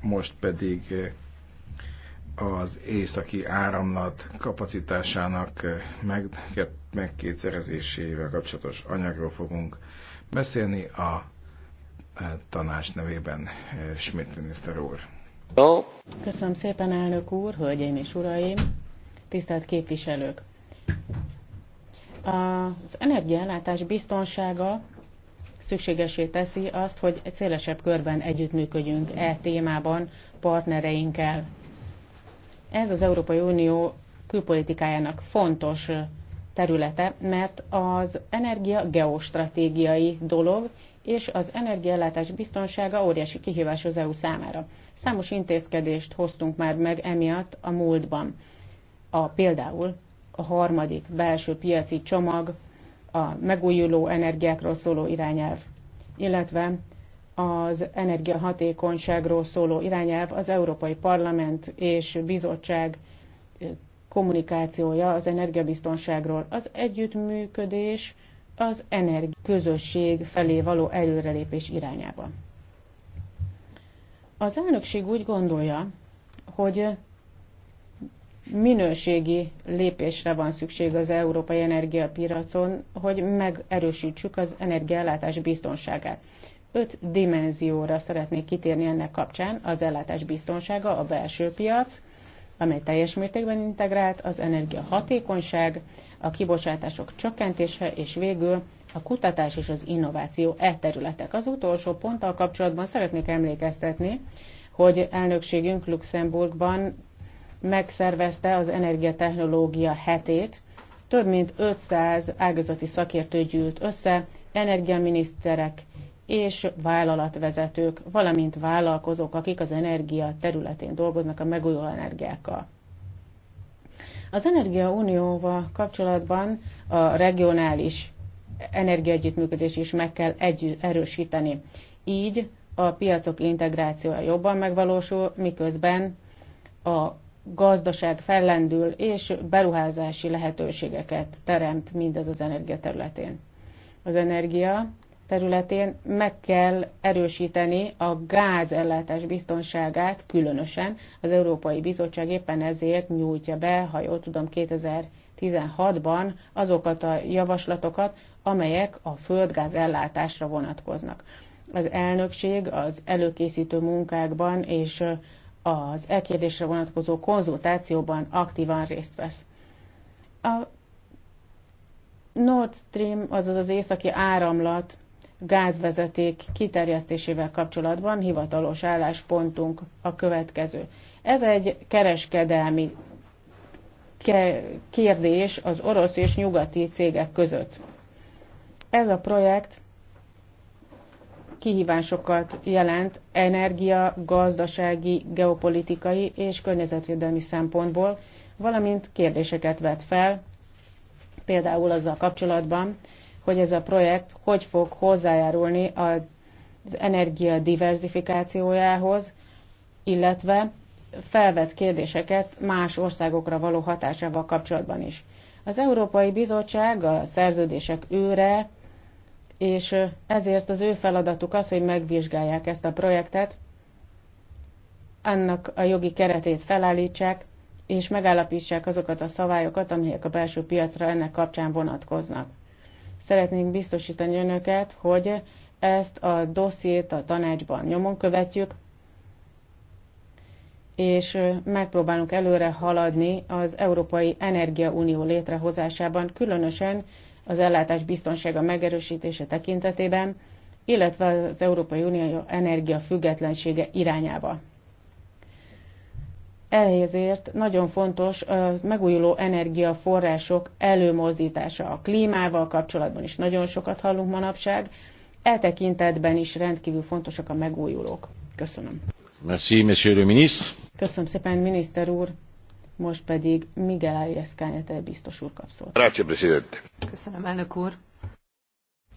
Most pedig eh, az északi áramlat kapacitásának eh, meg, megkétszerezésével kapcsolatos anyagról fogunk beszélni a eh, tanács nevében Schmidt miniszter úr. Köszönöm szépen, elnök úr, hölgyeim és uraim, tisztelt képviselők! Az energiaellátás biztonsága szükségesé teszi azt, hogy szélesebb körben együttműködjünk e témában partnereinkkel. Ez az Európai Unió külpolitikájának fontos területe, mert az energia geostratégiai dolog, és az energiaellátás biztonsága óriási kihívás az EU számára. Számos intézkedést hoztunk már meg emiatt a múltban. A, például a harmadik belső piaci csomag a megújuló energiákról szóló irányelv, illetve az energiahatékonyságról szóló irányelv az Európai Parlament és Bizottság eh, kommunikációja az energiabiztonságról. Az együttműködés az energia közösség felé való előrelépés irányába. Az elnökség úgy gondolja, hogy minőségi lépésre van szükség az európai energiapiracon, hogy megerősítsük az energiállátás biztonságát. Öt dimenzióra szeretnék kitérni ennek kapcsán, az ellátás biztonsága, a belső piac, amely teljes mértékben integrált, az energia hatékonyság, a kibocsátások csökkentése, és végül a kutatás és az innováció e területek. Az utolsó ponttal kapcsolatban szeretnék emlékeztetni, hogy elnökségünk Luxemburgban megszervezte az energiatechnológia hetét. Több mint 500 ágazati szakértő gyűlt össze, energiaminiszterek és vállalatvezetők, valamint vállalkozók, akik az energia területén dolgoznak a megújuló energiákkal. Az Energia Unióval kapcsolatban a regionális energiaegyüttműködés is meg kell együtt erősíteni. Így a piacok integrációja jobban megvalósul, miközben a gazdaság fellendül, és beruházási lehetőségeket teremt mindez az energia területén. Az energia területén meg kell erősíteni a gázellátás biztonságát különösen. Az Európai Bizottság éppen ezért nyújtja be, ha jól tudom, 2016-ban azokat a javaslatokat, amelyek a földgáz ellátásra vonatkoznak. Az elnökség az előkészítő munkákban és az elkérdésre vonatkozó konzultációban aktívan részt vesz. A Nord Stream, azaz az északi áramlat gázvezeték kiterjesztésével kapcsolatban hivatalos álláspontunk a következő. Ez egy kereskedelmi kérdés az orosz és nyugati cégek között. Ez a projekt kihívásokat jelent energia, gazdasági, geopolitikai és környezetvédelmi szempontból, valamint kérdéseket vet fel, például azzal kapcsolatban, hogy ez a projekt hogy fog hozzájárulni az, energia diversifikációjához, illetve felvet kérdéseket más országokra való hatásával kapcsolatban is. Az Európai Bizottság a szerződések őre és ezért az ő feladatuk az, hogy megvizsgálják ezt a projektet, annak a jogi keretét felállítsák, és megállapítsák azokat a szabályokat, amelyek a belső piacra ennek kapcsán vonatkoznak. Szeretnénk biztosítani önöket, hogy ezt a dossziét a tanácsban nyomon követjük, és megpróbálunk előre haladni az Európai energia unió létrehozásában, különösen az ellátás biztonsága megerősítése tekintetében, illetve az Európai Unió energia függetlensége irányába. Ezért nagyon fontos az megújuló energiaforrások előmozdítása a klímával kapcsolatban is nagyon sokat hallunk manapság. E tekintetben is rendkívül fontosak a megújulók. Köszönöm. Merci, monsieur le ministre. Köszönöm szépen, miniszter úr. Most pedig Miguel Arias Kányete biztos úr kap szót. Köszönöm, elnök úr.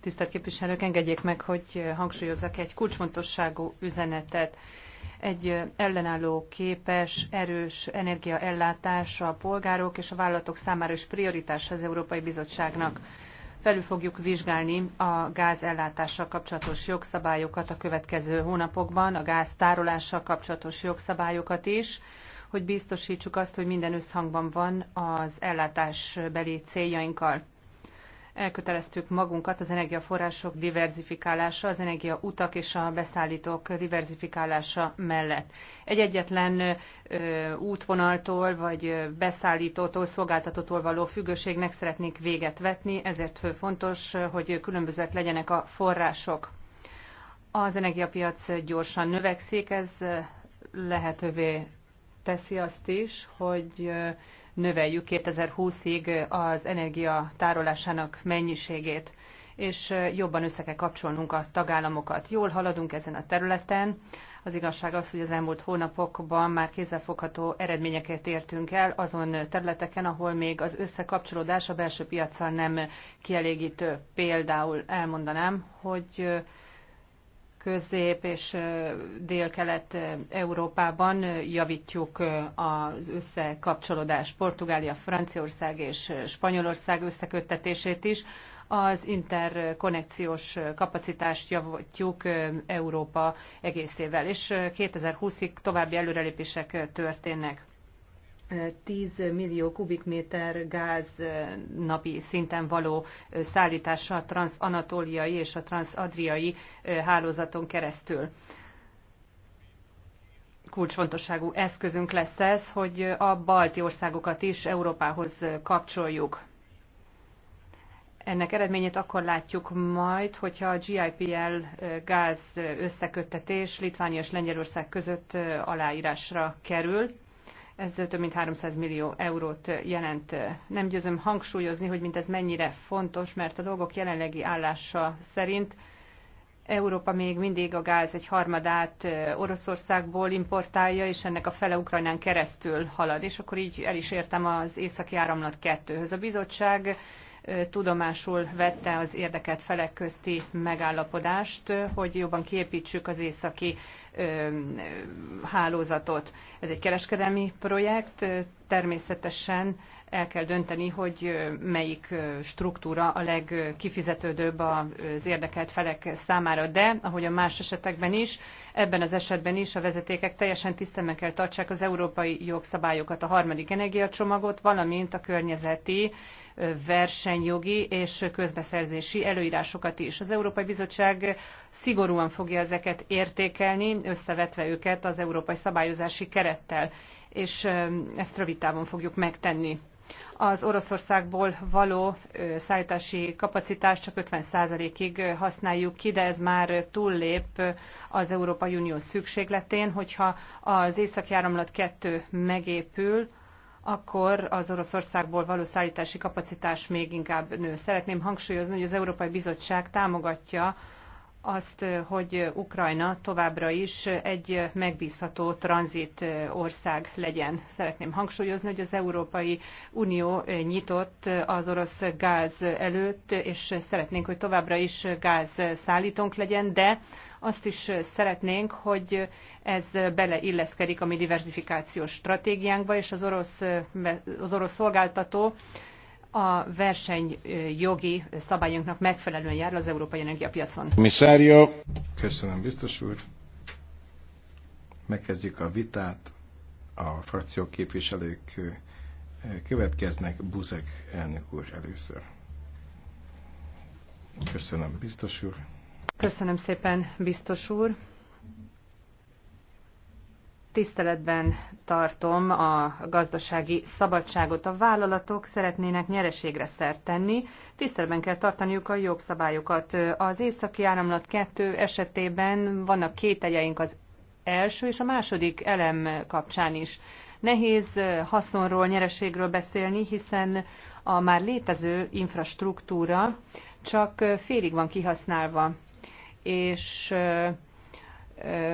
Tisztelt képviselők, engedjék meg, hogy hangsúlyozzak egy kulcsfontosságú üzenetet. Egy ellenálló képes, erős energiaellátás a polgárok és a vállalatok számára is prioritás az Európai Bizottságnak. Felül fogjuk vizsgálni a gázellátással kapcsolatos jogszabályokat a következő hónapokban, a gáz tárolással kapcsolatos jogszabályokat is hogy biztosítsuk azt, hogy minden összhangban van az ellátásbeli céljainkkal. Elköteleztük magunkat az energiaforrások diversifikálása, az energiautak és a beszállítók diversifikálása mellett. Egy egyetlen ö, útvonaltól vagy beszállítótól, szolgáltatótól való függőségnek szeretnék véget vetni, ezért fontos, hogy különbözőek legyenek a források. Az energiapiac gyorsan növekszik, ez lehetővé teszi azt is, hogy növeljük 2020-ig az energia tárolásának mennyiségét, és jobban össze kell kapcsolnunk a tagállamokat. Jól haladunk ezen a területen. Az igazság az, hogy az elmúlt hónapokban már kézzelfogható eredményeket értünk el azon területeken, ahol még az összekapcsolódás a belső piacsal nem kielégítő. Például elmondanám, hogy közép és délkelet Európában javítjuk az összekapcsolódás Portugália, Franciaország és Spanyolország összeköttetését is. Az interkonnekciós kapacitást javítjuk Európa egészével, és 2020-ig további előrelépések történnek. 10 millió kubikméter gáz napi szinten való szállítása a transanatóliai és a transadriai hálózaton keresztül. Kulcsfontosságú eszközünk lesz ez, hogy a balti országokat is Európához kapcsoljuk. Ennek eredményét akkor látjuk majd, hogyha a GIPL gáz összeköttetés Litvánia és Lengyelország között aláírásra kerül ez több mint 300 millió eurót jelent. Nem győzöm hangsúlyozni, hogy mindez mennyire fontos, mert a dolgok jelenlegi állása szerint Európa még mindig a gáz egy harmadát Oroszországból importálja, és ennek a fele Ukrajnán keresztül halad, és akkor így el is értem az északi áramlat kettőhöz. A bizottság tudomásul vette az érdekelt felek közti megállapodást, hogy jobban kiépítsük az északi hálózatot. Ez egy kereskedelmi projekt, természetesen el kell dönteni, hogy melyik struktúra a legkifizetődőbb az érdekelt felek számára, de ahogy a más esetekben is, ebben az esetben is a vezetékek teljesen tisztelmen kell tartsák az európai jogszabályokat, a harmadik energiacsomagot, valamint a környezeti versenyjogi és közbeszerzési előírásokat is. Az Európai Bizottság szigorúan fogja ezeket értékelni, összevetve őket az európai szabályozási kerettel, és ezt rövid távon fogjuk megtenni az Oroszországból való szállítási kapacitást csak 50%-ig használjuk ki, de ez már túllép az Európai Unió szükségletén, hogyha az Északjáramlat 2 megépül, akkor az Oroszországból való szállítási kapacitás még inkább nő. Szeretném hangsúlyozni, hogy az Európai Bizottság támogatja azt, hogy Ukrajna továbbra is egy megbízható tranzit ország legyen. Szeretném hangsúlyozni, hogy az Európai Unió nyitott az orosz gáz előtt, és szeretnénk, hogy továbbra is gáz szállítónk legyen, de azt is szeretnénk, hogy ez beleilleszkedik a mi diversifikációs stratégiánkba, és az orosz, az orosz szolgáltató a versenyjogi szabályunknak megfelelően jár az európai energiapiacon. Komisszárió. Köszönöm, biztos úr. Megkezdjük a vitát. A frakció képviselők következnek. Buzek elnök úr először. Köszönöm, biztos úr. Köszönöm szépen, biztos úr tiszteletben tartom a gazdasági szabadságot. A vállalatok szeretnének nyereségre szert tenni, tiszteletben kell tartaniuk a jogszabályokat. Az északi áramlat 2 esetében vannak két egyeink az első és a második elem kapcsán is. Nehéz eh, haszonról, nyereségről beszélni, hiszen a már létező infrastruktúra csak eh, félig van kihasználva, és eh,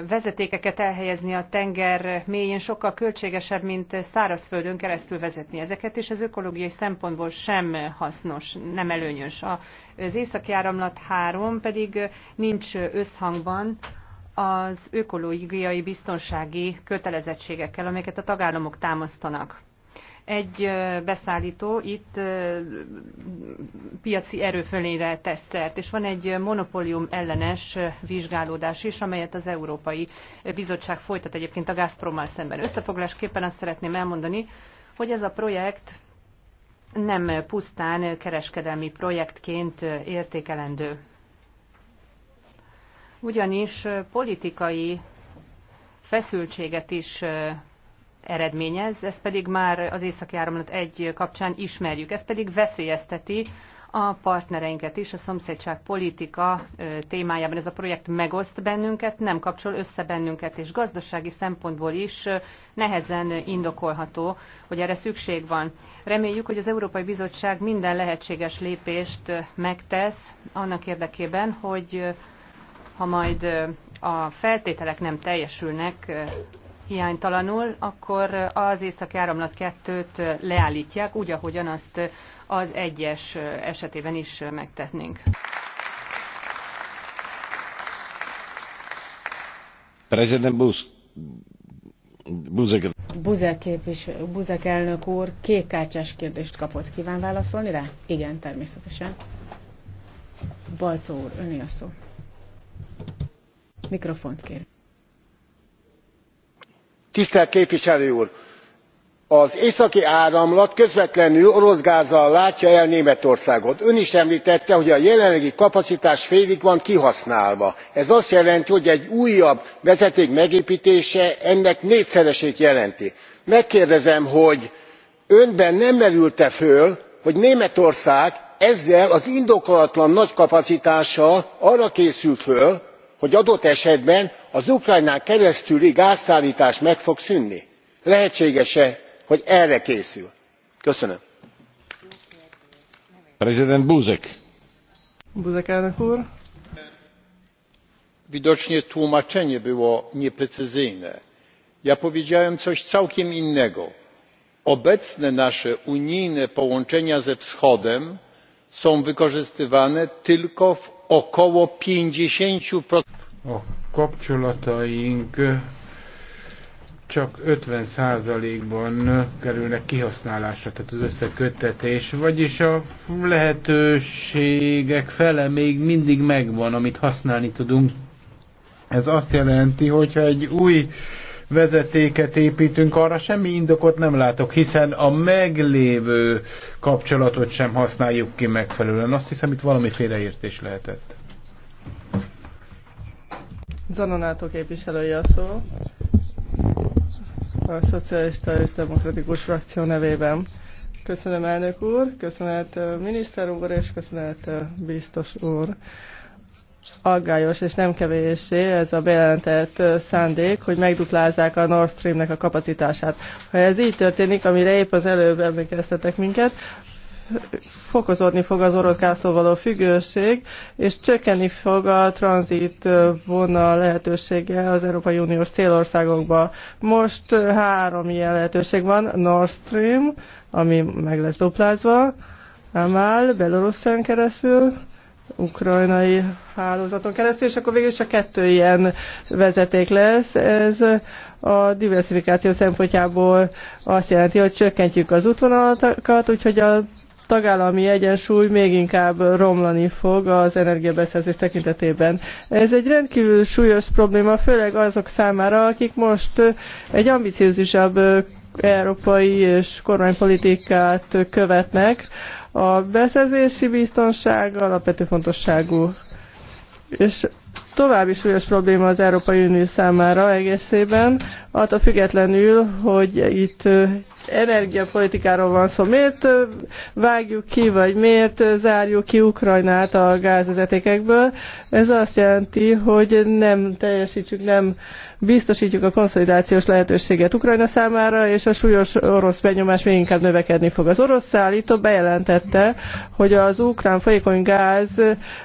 vezetékeket elhelyezni a tenger mélyén sokkal költségesebb, mint szárazföldön keresztül vezetni ezeket, és ez ökológiai szempontból sem hasznos, nem előnyös. Az északi áramlat 3 pedig nincs összhangban az ökológiai biztonsági kötelezettségekkel, amelyeket a tagállamok támasztanak egy beszállító itt piaci erőfölényre tesz szert, és van egy monopólium ellenes vizsgálódás is, amelyet az Európai Bizottság folytat egyébként a Gazprommal szemben. Összefoglásképpen azt szeretném elmondani, hogy ez a projekt nem pusztán kereskedelmi projektként értékelendő. Ugyanis politikai feszültséget is eredményez, ez pedig már az északi áramlat egy kapcsán ismerjük, ez pedig veszélyezteti a partnereinket is, a szomszédság politika témájában ez a projekt megoszt bennünket, nem kapcsol össze bennünket, és gazdasági szempontból is nehezen indokolható, hogy erre szükség van. Reméljük, hogy az Európai Bizottság minden lehetséges lépést megtesz annak érdekében, hogy ha majd a feltételek nem teljesülnek, hiánytalanul, akkor az északi áramlat kettőt leállítják, úgy, ahogyan azt az egyes esetében is megtetnénk. President Buzek. Buzek, képvis, Buzek elnök úr kékkártyás kérdést kapott. Kíván válaszolni rá? Igen, természetesen. Balcó úr, öné a szó. Mikrofont kérem tisztelt képviselő úr! az északi áramlat közvetlenül orosz gázzal látja el németországot. ön is emltette hogy a jelenlegi kapacitás félig van kihasználva. ez azt jelenti hogy egy újabb vezeték megéptése ennek négyszeresét jelenti. megkérdezem hogy önben nem merült e föl hogy németország ezzel az indokolatlan nagy kapacitással arra készül föl hogy adott esetben az ukrajnán keresztüli gázszálltás meg fog szűnni? lehetséges e hogy erre készül? köszönöm. widocznie tłumaczenie było nieprecyzyjne. ja powiedziałem coś całkiem innego. obecne nasze unijne połączenia ze wschodem są wykorzystywane tylko w około 50%. A kapcsolataink csak 50%-ban kerülnek kihasználásra, tehát az összeköttetés, vagyis a lehetőségek fele még mindig megvan, amit használni tudunk. Ez azt jelenti, hogyha egy új vezetéket építünk, arra semmi indokot nem látok, hiszen a meglévő kapcsolatot sem használjuk ki megfelelően. Azt hiszem, itt valami félreértés lehetett. Zanonátok képviselői a szó. A Szocialista és Demokratikus Frakció nevében. Köszönöm elnök úr, köszönet miniszter úr, és köszönet biztos úr aggályos és nem kevéssé ez a bejelentett szándék, hogy megduplázzák a Nord Streamnek a kapacitását. Ha ez így történik, amire épp az előbb emlékeztetek minket, fokozódni fog az orosz gáztól való függőség, és csökkenni fog a tranzit vonal lehetősége az Európai Uniós célországokba. Most három ilyen lehetőség van, Nord Stream, ami meg lesz duplázva, Amál, Belorusszán keresztül, ukrajnai hálózaton keresztül, és akkor végül csak kettő ilyen vezeték lesz. Ez a diversifikáció szempontjából azt jelenti, hogy csökkentjük az útvonalakat, úgyhogy a tagállami egyensúly még inkább romlani fog az energiabeszerzés tekintetében. Ez egy rendkívül súlyos probléma, főleg azok számára, akik most egy ambiciózusabb európai és kormánypolitikát követnek, a beszerzési biztonság alapvető fontosságú, és további súlyos probléma az Európai Unió számára egészében, attól függetlenül, hogy itt energiapolitikáról van szó. Miért vágjuk ki, vagy miért zárjuk ki Ukrajnát a gázvezetékekből? Ez azt jelenti, hogy nem teljesítjük, nem biztosítjuk a konszolidációs lehetőséget Ukrajna számára, és a súlyos orosz benyomás még inkább növekedni fog. Az orosz szállító bejelentette, hogy az ukrán folyékony gáz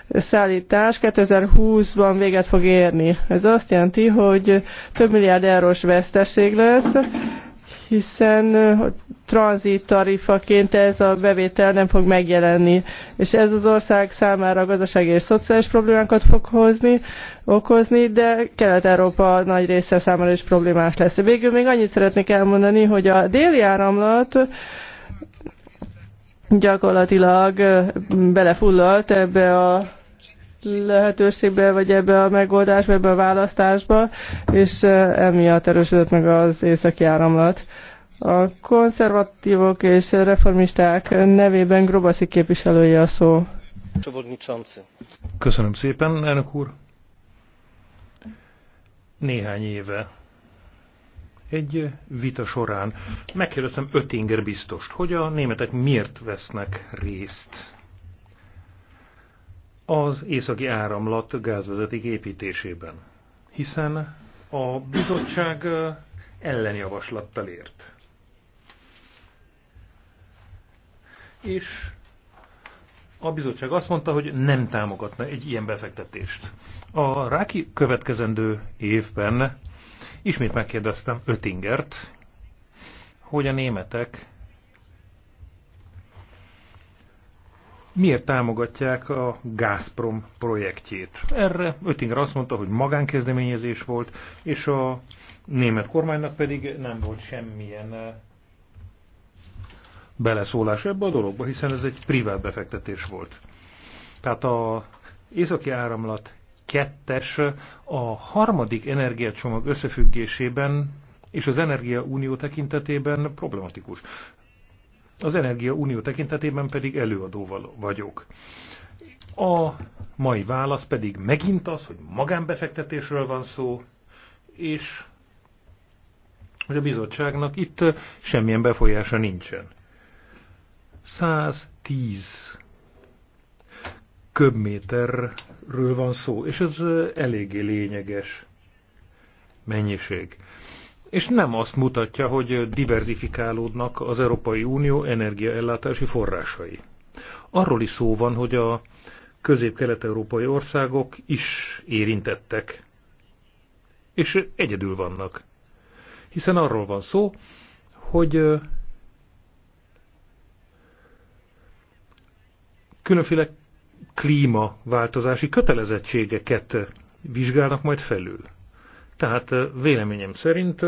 szállítás 2020-ban véget fog érni. Ez azt jelenti, hogy több milliárd eurós veszteség lesz, hiszen tranzit tarifaként ez a bevétel nem fog megjelenni. És ez az ország számára gazdasági és szociális problémákat fog hozni, okozni, de Kelet-Európa nagy része számára is problémás lesz. Végül még annyit szeretnék elmondani, hogy a déli áramlat gyakorlatilag belefulladt ebbe a lehetőségbe, vagy ebbe a megoldásba, ebbe a választásba, és emiatt erősödött meg az északi áramlat. A konzervatívok és reformisták nevében Grobaszi képviselője a szó. Köszönöm szépen, elnök úr. Néhány éve egy vita során megkérdeztem Ötinger biztost, hogy a németek miért vesznek részt az északi áramlat gázvezeték építésében, hiszen a bizottság ellenjavaslattal ért. És a bizottság azt mondta, hogy nem támogatna egy ilyen befektetést. A ráki következendő évben ismét megkérdeztem Ötingert, hogy a németek miért támogatják a Gazprom projektjét. Erre Öttinger azt mondta, hogy magánkezdeményezés volt, és a német kormánynak pedig nem volt semmilyen eh, beleszólás ebbe a dologba, hiszen ez egy privát befektetés volt. Tehát a északi áramlat kettes a harmadik energiacsomag összefüggésében és az energiaunió tekintetében problematikus. Az Energia Unió tekintetében pedig előadóval vagyok. A mai válasz pedig megint az, hogy magánbefektetésről van szó, és hogy a bizottságnak itt semmilyen befolyása nincsen. 110 köbméterről van szó, és ez eléggé lényeges mennyiség és nem azt mutatja, hogy diverzifikálódnak az Európai Unió energiaellátási forrásai. Arról is szó van, hogy a közép-kelet-európai országok is érintettek, és egyedül vannak. Hiszen arról van szó, hogy különféle klímaváltozási kötelezettségeket vizsgálnak majd felül. Tehát véleményem szerint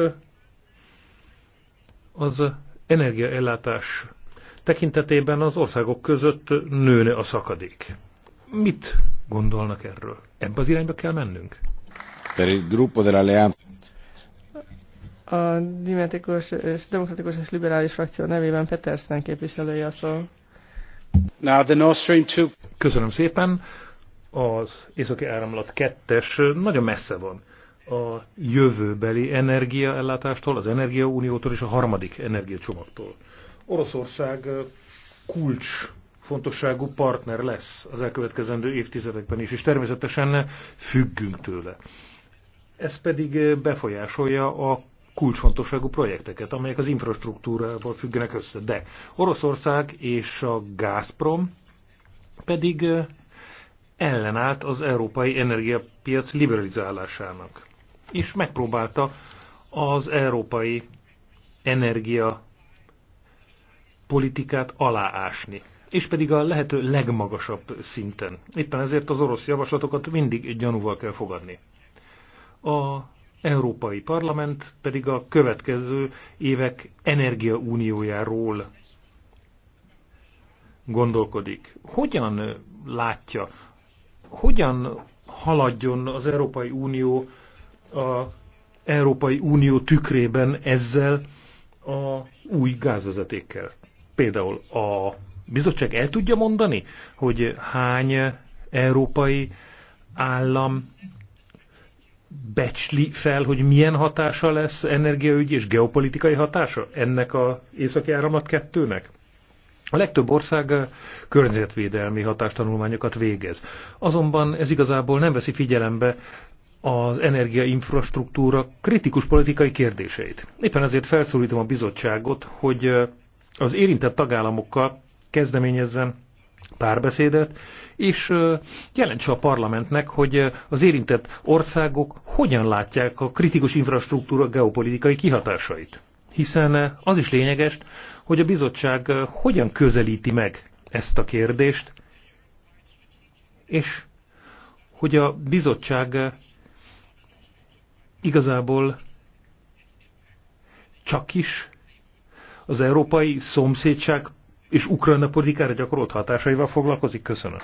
az energiaellátás tekintetében az országok között nőne a szakadék. Mit gondolnak erről? Ebbe az irányba kell mennünk? a dimetikus és demokratikus és liberális frakció nevében Petersen képviselője szól. Now Stream Köszönöm szépen. Az északi áramlat kettes nagyon messze van a jövőbeli energiaellátástól, az energiauniótól és a harmadik energiacsomagtól. Oroszország kulcs fontosságú partner lesz az elkövetkezendő évtizedekben is, és természetesen függünk tőle. Ez pedig befolyásolja a kulcsfontosságú projekteket, amelyek az infrastruktúrával függenek össze. De Oroszország és a Gazprom pedig ellenállt az európai energiapiac liberalizálásának is megpróbálta az európai energia politikát aláásni, és pedig a lehető legmagasabb szinten. Éppen ezért az orosz javaslatokat mindig gyanúval kell fogadni. A Európai Parlament pedig a következő évek energiauniójáról gondolkodik. Hogyan látja, hogyan haladjon az Európai Unió a Európai Unió tükrében ezzel a új gázvezetékkel. Például a bizottság el tudja mondani, hogy hány európai állam becsli fel, hogy milyen hatása lesz energiaügyi és geopolitikai hatása ennek a északi áramlat kettőnek? A legtöbb ország környezetvédelmi hatástanulmányokat végez. Azonban ez igazából nem veszi figyelembe az energiainfrastruktúra kritikus politikai kérdéseit. Éppen ezért felszólítom a bizottságot, hogy az érintett tagállamokkal kezdeményezzen párbeszédet, és jelentse a parlamentnek, hogy az érintett országok hogyan látják a kritikus infrastruktúra geopolitikai kihatásait. Hiszen az is lényeges, hogy a bizottság hogyan közelíti meg ezt a kérdést, és hogy a bizottság igazából csak is az európai szomszédság és Ukrajna politikára gyakorolt hatásaival foglalkozik. Köszönöm.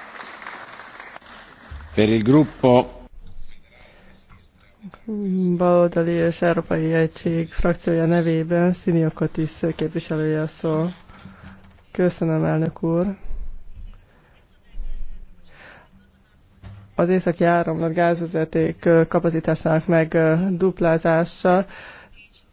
Per il gruppo Baloldali és Európai Egység frakciója nevében Szini Okotis képviselője szól. Köszönöm, elnök úr. az északi áramlat gázvezeték kapacitásának megduplázása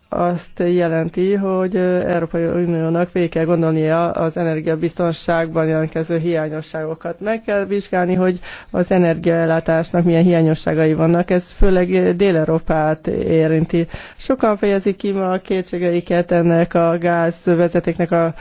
azt jelenti, hogy Európai Uniónak végig kell gondolnia az energiabiztonságban jelentkező hiányosságokat. Meg kell vizsgálni, hogy az energiaellátásnak milyen hiányosságai vannak. Ez főleg Dél-Európát érinti. Sokan fejezik ki ma a kétségeiket ennek a gázvezetéknek a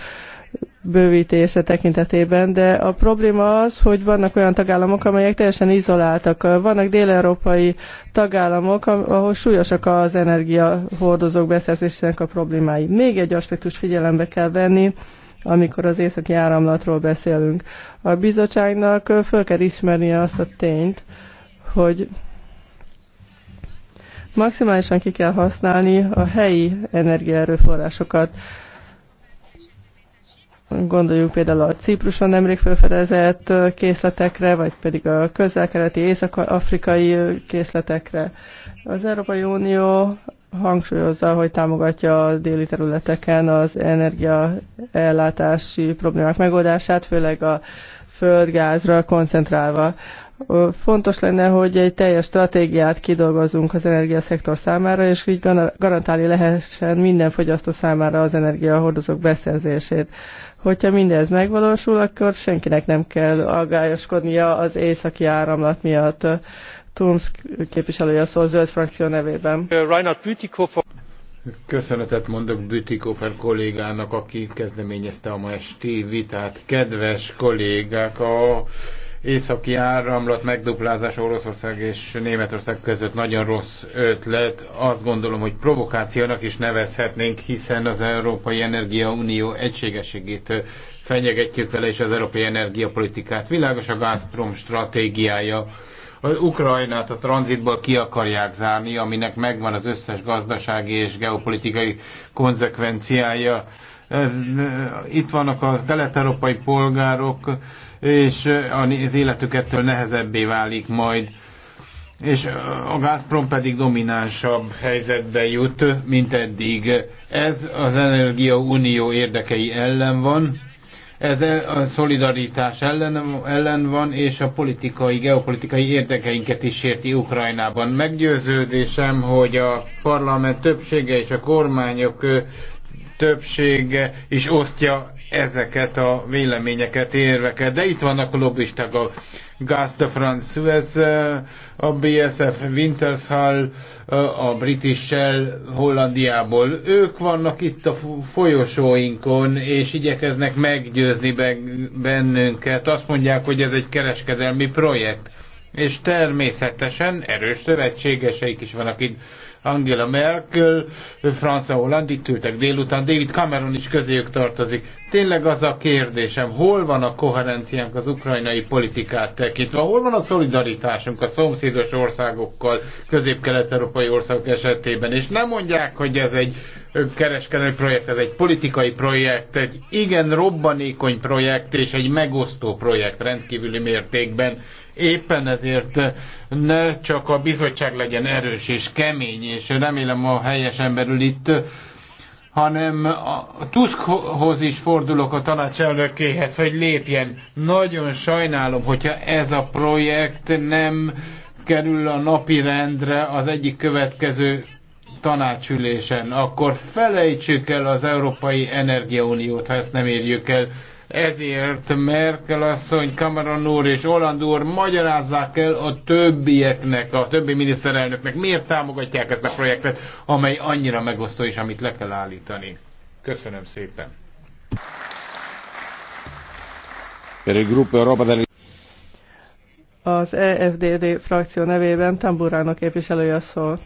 bővítése tekintetében, de a probléma az, hogy vannak olyan tagállamok, amelyek teljesen izoláltak. Vannak dél-európai tagállamok, ahol súlyosak az energiahordozók beszerzésének a problémái. Még egy aspektus figyelembe kell venni, amikor az északi áramlatról beszélünk. A bizottságnak föl kell ismernie azt a tényt, hogy maximálisan ki kell használni a helyi energiaerőforrásokat. Gondoljunk például a Cipruson nemrég felfedezett készletekre, vagy pedig a közel-keleti észak-afrikai készletekre. Az Európai Unió hangsúlyozza, hogy támogatja a déli területeken az energiaellátási problémák megoldását, főleg a földgázra koncentrálva. Fontos lenne, hogy egy teljes stratégiát kidolgozunk az energiaszektor számára, és így garantálni lehessen minden fogyasztó számára az energiahordozók beszerzését. Hogyha mindez megvalósul, akkor senkinek nem kell aggályoskodnia az északi áramlat miatt. Tumsz képviselője szól zöld frakció nevében. Köszönetet mondok Bütikofer kollégának, aki kezdeményezte a ma esti vitát. Kedves kollégák, a északi áramlat megduplázása Oroszország és Németország között nagyon rossz ötlet. Azt gondolom, hogy provokációnak is nevezhetnénk, hiszen az Európai Energia Unió egységességét fenyegetjük vele, és az európai energiapolitikát. Világos a Gazprom stratégiája. Az Ukrajnát a tranzitból ki akarják zárni, aminek megvan az összes gazdasági és geopolitikai konzekvenciája itt vannak a kelet-európai polgárok, és az életük ettől nehezebbé válik majd és a Gazprom pedig dominánsabb helyzetbe jut, mint eddig. Ez az Energia Unió érdekei ellen van, ez e, a szolidaritás ellen, ellen van, és a politikai, geopolitikai érdekeinket is érti Ukrajnában. Meggyőződésem, hogy a parlament többsége és a kormányok többség is osztja ezeket a véleményeket, érveket. De itt vannak a lobbistak, a Gaz de France Suez, eh, a BSF Wintershall, eh, a British Shell Hollandiából. Ők vannak itt a folyosóinkon, és igyekeznek meggyőzni bennünket. Azt mondják, hogy ez egy kereskedelmi projekt és természetesen erős szövetségeseik is vannak itt. Angela Merkel, François Hollande itt ültek délután, David Cameron is közéjük tartozik. Tényleg az a kérdésem, hol van a koherenciánk az ukrajnai politikát tekintve, hol van a szolidaritásunk a szomszédos országokkal, közép-kelet-európai országok esetében, és nem mondják, hogy ez egy kereskedelmi projekt, ez egy politikai projekt, egy igen robbanékony projekt és egy megosztó projekt rendkívüli mértékben. Éppen ezért ne csak a bizottság legyen erős és kemény, és remélem a helyes emberül itt hanem a Tuskhoz is fordulok a tanácselnökéhez, hogy lépjen. Nagyon sajnálom, hogyha ez a projekt nem kerül a napi rendre az egyik következő tanácsülésen, akkor felejtsük el az Európai Energiauniót, ha ezt nem érjük el. Ezért Merkel asszony, Cameron úr és Holland úr magyarázzák el a többieknek, a többi miniszterelnöknek, miért támogatják ezt a projektet, amely annyira megosztó is, amit le kell állítani. Köszönöm szépen. Az EFDD frakció nevében Tamburának képviselője szól.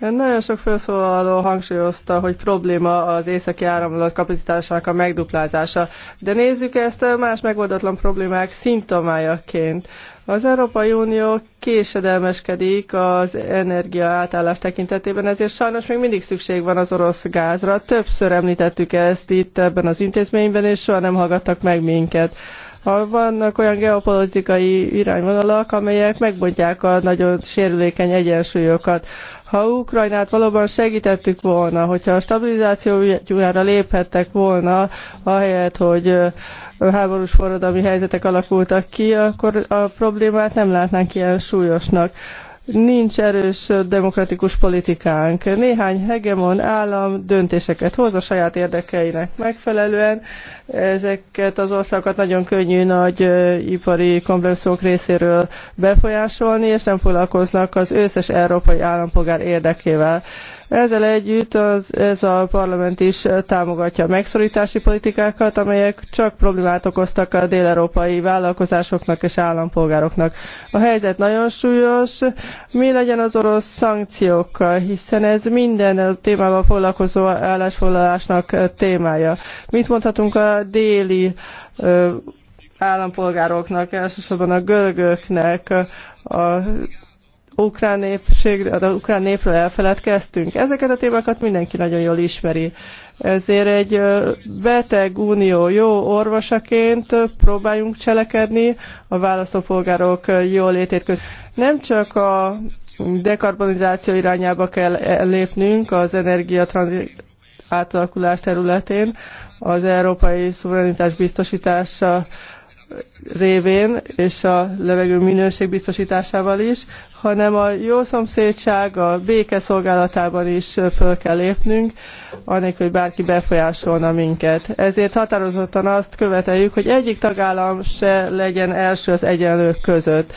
Nagyon sok felszólaló hangsúlyozta, hogy probléma az északi áramlat kapacitásának a megduplázása. De nézzük ezt eh, más megoldatlan problémák szintomájaként. Az Európai Unió késedelmeskedik az energia átállás tekintetében, ezért sajnos még mindig szükség van az orosz gázra. Többször említettük ezt itt ebben az intézményben, és soha nem hallgattak meg minket. Ha Vannak olyan geopolitikai irányvonalak, amelyek megbontják a nagyon sérülékeny egyensúlyokat. Ha Ukrajnát valóban segítettük volna, hogyha a stabilizáció ügyújára léphettek volna, ahelyett, hogy háborús forradalmi helyzetek alakultak ki, akkor a problémát nem látnánk ilyen súlyosnak nincs erős demokratikus politikánk. Néhány hegemon állam döntéseket hoz a saját érdekeinek megfelelően. Ezeket az országokat nagyon könnyű nagy ipari komplexok részéről befolyásolni, és nem foglalkoznak az összes európai állampolgár érdekével. Ezzel együtt az, ez a parlament is támogatja a megszorítási politikákat, amelyek csak problémát okoztak a dél-európai vállalkozásoknak és állampolgároknak. A helyzet nagyon súlyos. Mi legyen az orosz szankciókkal, hiszen ez minden a témával foglalkozó állásfoglalásnak témája. Mit mondhatunk a déli állampolgároknak, elsősorban a görögöknek, a ukrán, népség, az ukrán népről elfeledkeztünk. Ezeket a témákat mindenki nagyon jól ismeri. Ezért egy beteg unió jó orvosaként próbáljunk cselekedni a választópolgárok jó létét között. Nem csak a dekarbonizáció irányába kell e- lépnünk az energiatranzit átalakulás területén, az európai szuverenitás biztosítása révén és a levegő minőség biztosításával is, hanem a jó szomszédság, a béke szolgálatában is föl kell lépnünk, anélkül, hogy bárki befolyásolna minket. Ezért határozottan azt követeljük, hogy egyik tagállam se legyen első az egyenlők között.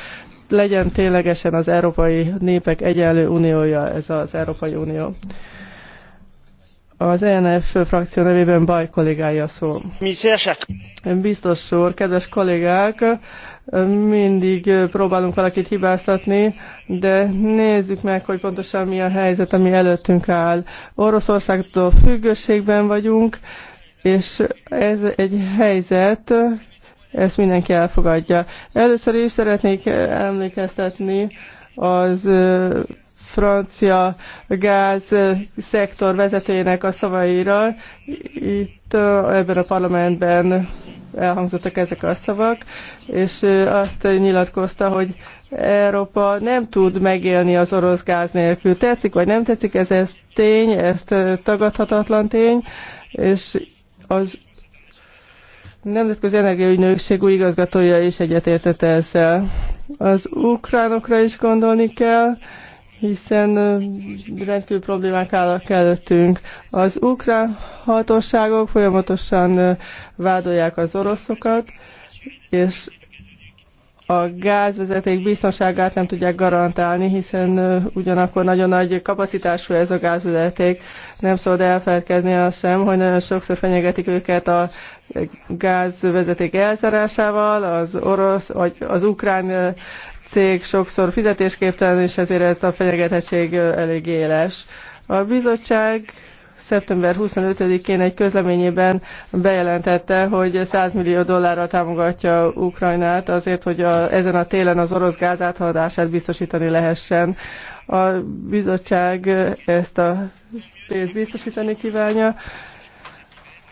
Legyen ténylegesen az európai népek egyenlő uniója ez az Európai Unió. Az ENF frakció nevében Baj kollégája szó. Biztos úr, kedves kollégák, mindig próbálunk valakit hibáztatni, de nézzük meg, hogy pontosan mi a helyzet, ami előttünk áll. Oroszországtól függőségben vagyunk, és ez egy helyzet, ezt mindenki elfogadja. Először is szeretnék emlékeztetni az francia gáz szektor vezetőjének a szavaira. Itt ebben a parlamentben elhangzottak ezek a szavak, és azt nyilatkozta, hogy Európa nem tud megélni az orosz gáz nélkül. Tetszik vagy nem tetszik, ez, ez tény, ez tagadhatatlan tény, és az Nemzetközi Energiaügynökség új igazgatója is egyetértett ezzel. Az ukránokra is gondolni kell, hiszen rendkívül problémák állnak előttünk. Az ukrán hatóságok folyamatosan vádolják az oroszokat, és a gázvezeték biztonságát nem tudják garantálni, hiszen ugyanakkor nagyon nagy kapacitású ez a gázvezeték. Nem szabad elfelkezni azt sem, hogy nagyon sokszor fenyegetik őket a gázvezeték elzárásával, az orosz, vagy az ukrán cég sokszor fizetésképtelen, és ezért ez a fenyegetettség elég éles. A bizottság szeptember 25-én egy közleményében bejelentette, hogy 100 millió dollárra támogatja Ukrajnát azért, hogy a, ezen a télen az orosz gáz áthaladását biztosítani lehessen. A bizottság ezt a pénzt biztosítani kívánja.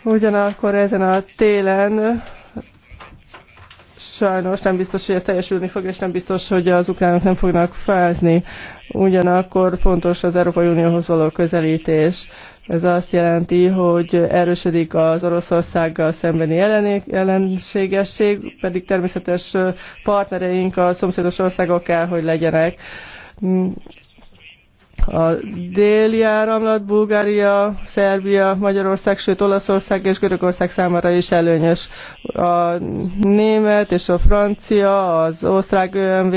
Ugyanakkor ezen a télen sajnos nem biztos, hogy ez teljesülni fog, és nem biztos, hogy az ukránok nem fognak fázni. Ugyanakkor fontos az Európai Unióhoz való közelítés. Ez azt jelenti, hogy erősödik az Oroszországgal szembeni ellenék, ellenségesség, pedig természetes partnereink a szomszédos országok kell, hogy legyenek a déli áramlat Bulgária, Szerbia, Magyarország, sőt Olaszország és Görögország számára is előnyös. A német és a francia, az osztrák ÖMV,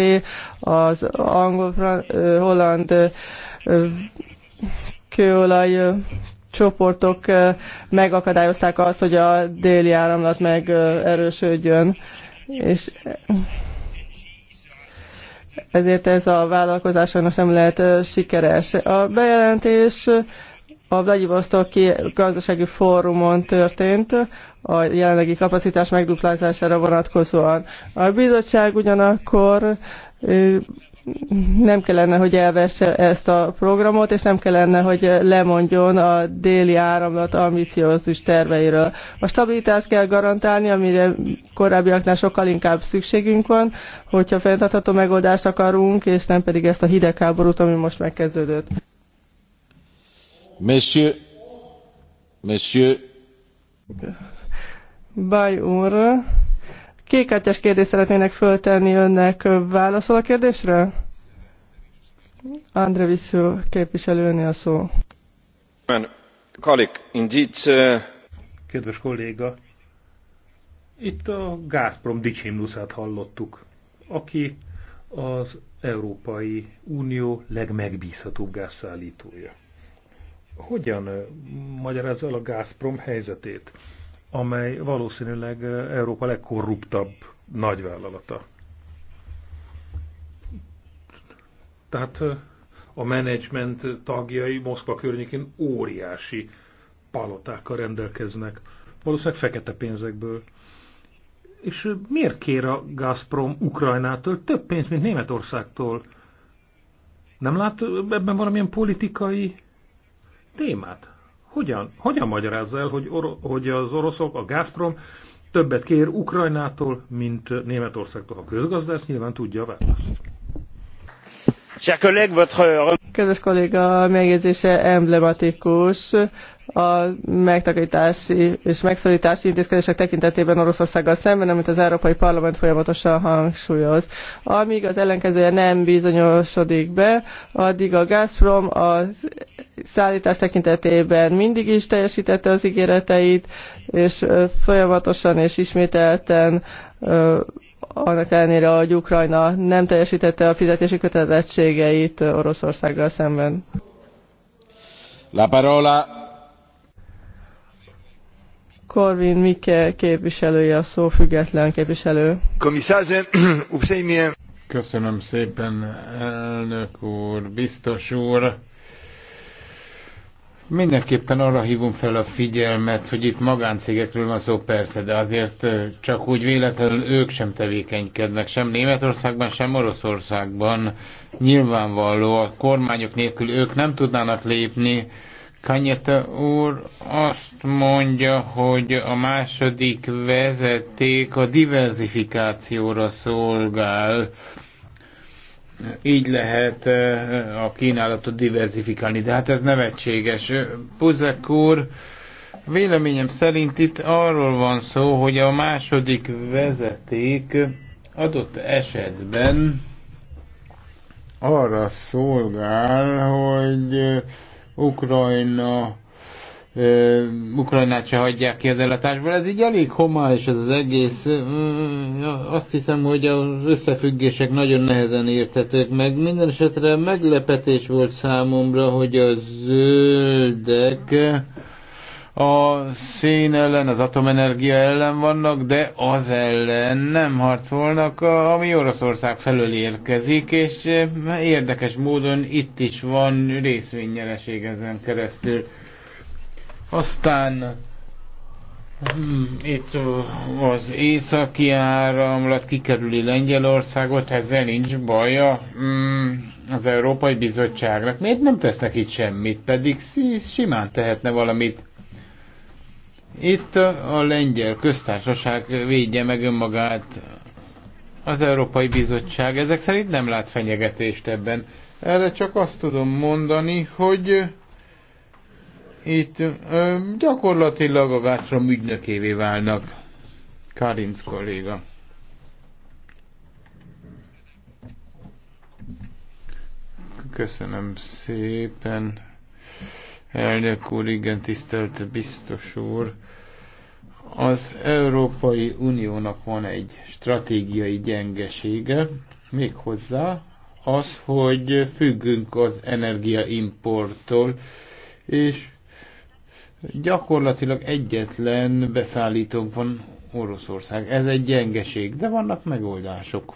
az angol-holland kőolaj csoportok megakadályozták azt, hogy a déli áramlat megerősödjön. És ezért ez a vállalkozás sajnos nem lehet sikeres. A bejelentés a Vladivostoki gazdasági fórumon történt, a jelenlegi kapacitás megduplázására vonatkozóan. A bizottság ugyanakkor nem kellene, hogy elvesse ezt a programot, és nem kellene, hogy lemondjon a déli áramlat ambiciózus terveiről. A stabilitást kell garantálni, amire korábbiaknál sokkal inkább szükségünk van, hogyha fenntartható megoldást akarunk, és nem pedig ezt a hidegháborút, ami most megkezdődött. Monsieur, Monsieur, Baj úr, Kékártyás kérdést szeretnének föltenni önnek. Válaszol a kérdésre? Andre Visszó képviselőni a szó. Kedves kolléga, itt a Gazprom dicsimnuszát hallottuk, aki az Európai Unió legmegbízhatóbb gázszállítója. Hogyan magyarázza a Gazprom helyzetét? amely valószínűleg Európa legkorruptabb nagyvállalata. Tehát a menedzsment tagjai Moszkva környékén óriási palotákkal rendelkeznek, valószínűleg fekete pénzekből. És miért kér a Gazprom Ukrajnától több pénzt, mint Németországtól? Nem lát ebben valamilyen politikai témát? Hogyan, hogyan magyarázza el, hogy, or, hogy az oroszok, a Gazprom többet kér Ukrajnától, mint Németországtól? A közgazdász nyilván tudja a választ. Euh, Kedves kolléga, megjegyzése emblematikus. A megtakarítási és megszorítási intézkedések tekintetében Oroszországgal szemben, amit az Európai Parlament folyamatosan hangsúlyoz. Amíg az ellenkezője nem bizonyosodik be, addig a Gazprom a szállítás tekintetében mindig is teljesítette az ígéreteit, és folyamatosan és ismételten annak ellenére, hogy Ukrajna nem teljesítette a fizetési kötelezettségeit Oroszországgal szemben. La parola. Korvin Mike képviselője a szó, független képviselő. Köszönöm szépen, elnök úr, biztos úr. Mindenképpen arra hívom fel a figyelmet, hogy itt magáncégekről van szó persze, de azért csak úgy véletlenül ők sem tevékenykednek, sem Németországban, sem Oroszországban. Nyilvánvaló, a kormányok nélkül ők nem tudnának lépni. Kanyete úr azt mondja, hogy a második vezeték a diversifikációra szolgál így lehet eh, a kínálatot diversifikálni, de hát ez nevetséges. Puzek úr, véleményem szerint itt arról van szó, hogy a második vezeték adott esetben arra szolgál, hogy Ukrajna Ukrajnát se hagyják ki az ellátásból. Ez így elég homályos ez az egész. Azt hiszem, hogy az összefüggések nagyon nehezen érthetők meg. Minden esetre meglepetés volt számomra, hogy a zöldek a szén ellen, az atomenergia ellen vannak, de az ellen nem harcolnak, ami Oroszország felől érkezik, és érdekes módon itt is van részvényeleség ezen keresztül. Aztán hmm, itt az északi áramlat kikerüli Lengyelországot, ezzel nincs baja hmm, az Európai Bizottságnak. Miért nem tesznek itt semmit, pedig simán tehetne valamit. Itt a lengyel köztársaság védje meg önmagát az Európai Bizottság. Ezek szerint nem lát fenyegetést ebben. Erre csak azt tudom mondani, hogy itt ö, gyakorlatilag a Gazprom ügynökévé válnak. Karinc kolléga. Köszönöm szépen. Elnök úr, igen, tisztelt biztos úr. Az Európai Uniónak van egy stratégiai gyengesége, méghozzá az, hogy függünk az energiaimporttól, és Gyakorlatilag egyetlen beszállítónk van Oroszország. Ez egy gyengeség, de vannak megoldások.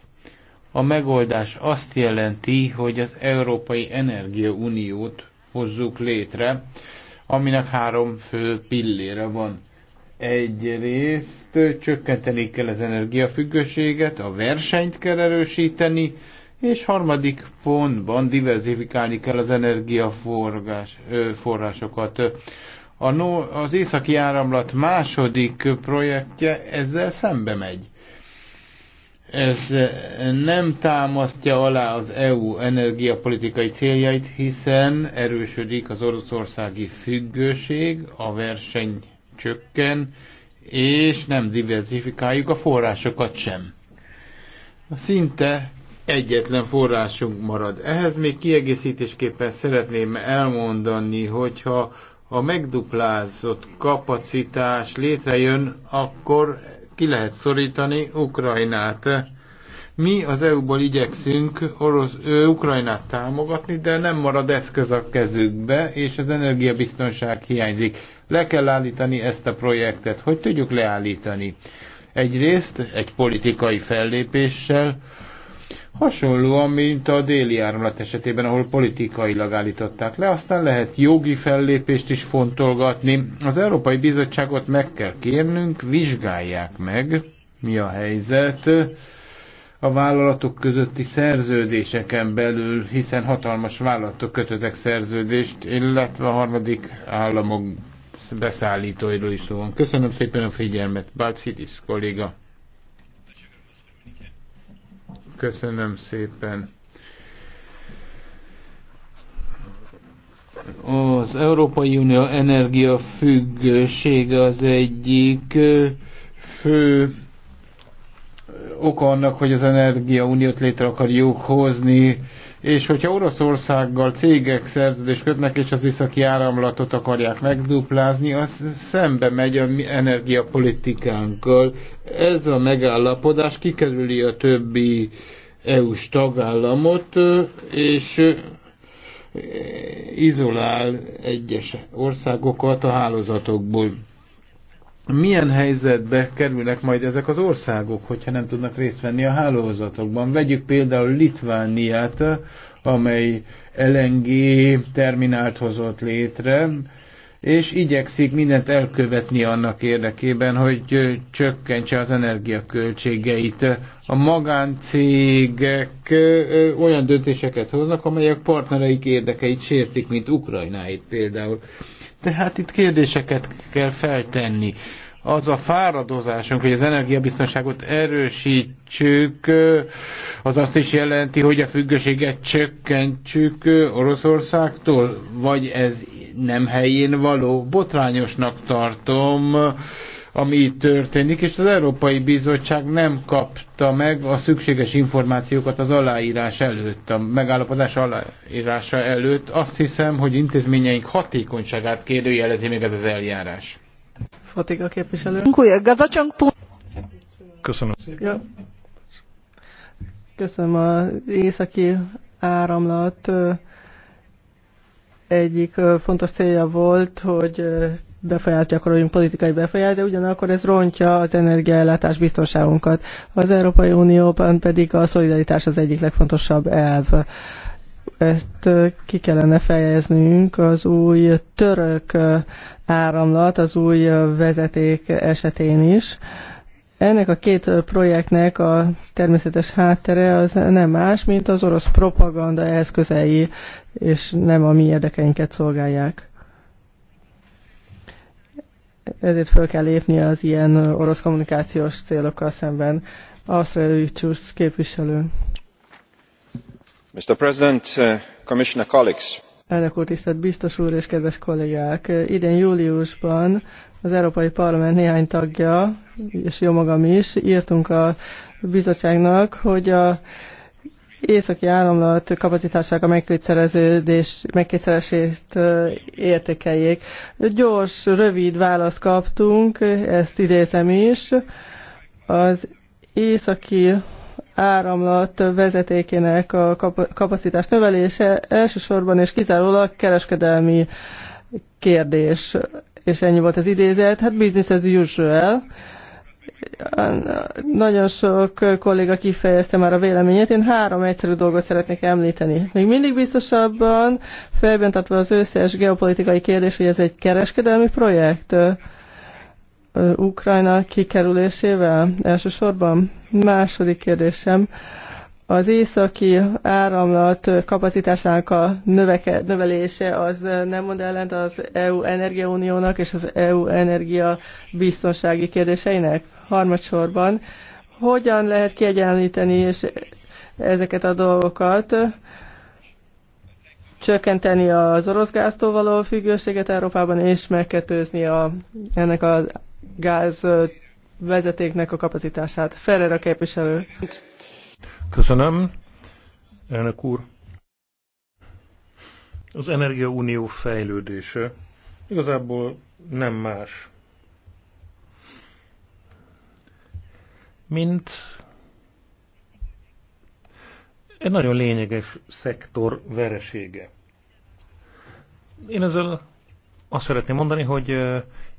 A megoldás azt jelenti, hogy az Európai Energia Uniót hozzuk létre, aminek három fő pillére van. Egyrészt csökkenteni kell az energiafüggőséget, a versenyt kell erősíteni, és harmadik pontban diversifikálni kell az energiaforrásokat. A no, az északi áramlat második projektje ezzel szembe megy. Ez nem támasztja alá az EU energiapolitikai céljait, hiszen erősödik az oroszországi függőség, a verseny csökken, és nem diversifikáljuk a forrásokat sem. Szinte egyetlen forrásunk marad. Ehhez még kiegészítésképpen szeretném elmondani, hogyha ha megduplázott kapacitás létrejön, akkor ki lehet szorítani Ukrajnát. Mi az EU-ból igyekszünk orosz, ő, Ukrajnát támogatni, de nem marad eszköz a kezükbe, és az energiabiztonság hiányzik. Le kell állítani ezt a projektet. Hogy tudjuk leállítani? Egyrészt egy politikai fellépéssel, Hasonlóan, mint a déli áramlat esetében, ahol politikailag állították le, aztán lehet jogi fellépést is fontolgatni. Az Európai Bizottságot meg kell kérnünk, vizsgálják meg, mi a helyzet a vállalatok közötti szerződéseken belül, hiszen hatalmas vállalatok kötöttek szerződést, illetve a harmadik államok beszállítóiról is szó van. Köszönöm szépen a figyelmet, Bácsidis kolléga. Köszönöm szépen. Az Európai Unió energiafüggősége az egyik fő oka annak, hogy az energiauniót létre akarjuk hozni és hogyha Oroszországgal cégek szerződést kötnek, és az iszaki áramlatot akarják megduplázni, az szembe megy a mi energiapolitikánkkal. Ez a megállapodás kikerüli a többi EU-s tagállamot, és izolál egyes országokat a hálózatokból milyen helyzetbe kerülnek majd ezek az országok, hogyha nem tudnak részt venni a hálózatokban. Vegyük például Litvániát, amely LNG terminált hozott létre, és igyekszik mindent elkövetni annak érdekében, hogy csökkentse az energiaköltségeit. A magáncégek olyan döntéseket hoznak, amelyek partnereik érdekeit sértik, mint Ukrajnáit például. Tehát itt kérdéseket kell feltenni. Az a fáradozásunk, hogy az energiabiztonságot erősítsük, az azt is jelenti, hogy a függőséget csökkentsük Oroszországtól, vagy ez nem helyén való. Botrányosnak tartom ami itt történik, és az Európai Bizottság nem kapta meg a szükséges információkat az aláírás előtt, a megállapodás aláírása előtt. Azt hiszem, hogy intézményeink hatékonyságát kérdőjelezi még ez az eljárás. Fatiga képviselő. Köszönöm szépen. Ja. Köszönöm az északi áramlat egyik fontos célja volt, hogy befolyást gyakoroljunk, politikai befolyást, de ugyanakkor ez rontja az energiaellátás biztonságunkat. Az Európai Unióban pedig a szolidaritás az egyik legfontosabb elv. Ezt ki kellene fejeznünk az új török áramlat, az új vezeték esetén is. Ennek a két projektnek a természetes háttere az nem más, mint az orosz propaganda eszközei, és nem a mi érdekeinket szolgálják ezért föl kell lépni az ilyen orosz kommunikációs célokkal szemben. Australia Csusz képviselő. Mr. President, uh, Commissioner colleagues. Elnök úr, tisztelt biztos úr és kedves kollégák! Idén júliusban az Európai Parlament néhány tagja, és jó magam is, írtunk a bizottságnak, hogy a északi áramlat kapacitásága a megkétszereződés, megkétszeresét értékeljék. Gyors, rövid választ kaptunk, ezt idézem is. Az északi áramlat vezetékének a kapacitás növelése elsősorban és kizárólag kereskedelmi kérdés, és ennyi volt az idézet. Hát business as usual nagyon sok kolléga kifejezte már a véleményét. Én három egyszerű dolgot szeretnék említeni. Még mindig biztosabban fejben tartva az összes geopolitikai kérdés, hogy ez egy kereskedelmi projekt Ukrajna kikerülésével elsősorban. Második kérdésem az északi áramlat kapacitásának a növeke, növelése az nem mond ellent az EU energiauniónak és az EU energia biztonsági kérdéseinek? Harmadsorban, hogyan lehet kiegyenlíteni és ezeket a dolgokat, csökkenteni az orosz gáztól való függőséget Európában, és megkettőzni a, ennek a gáz vezetéknek a kapacitását. Ferrer a képviselő. Köszönöm, elnök úr. Az Energiaunió fejlődése igazából nem más, mint egy nagyon lényeges szektor veresége. Én ezzel azt szeretném mondani, hogy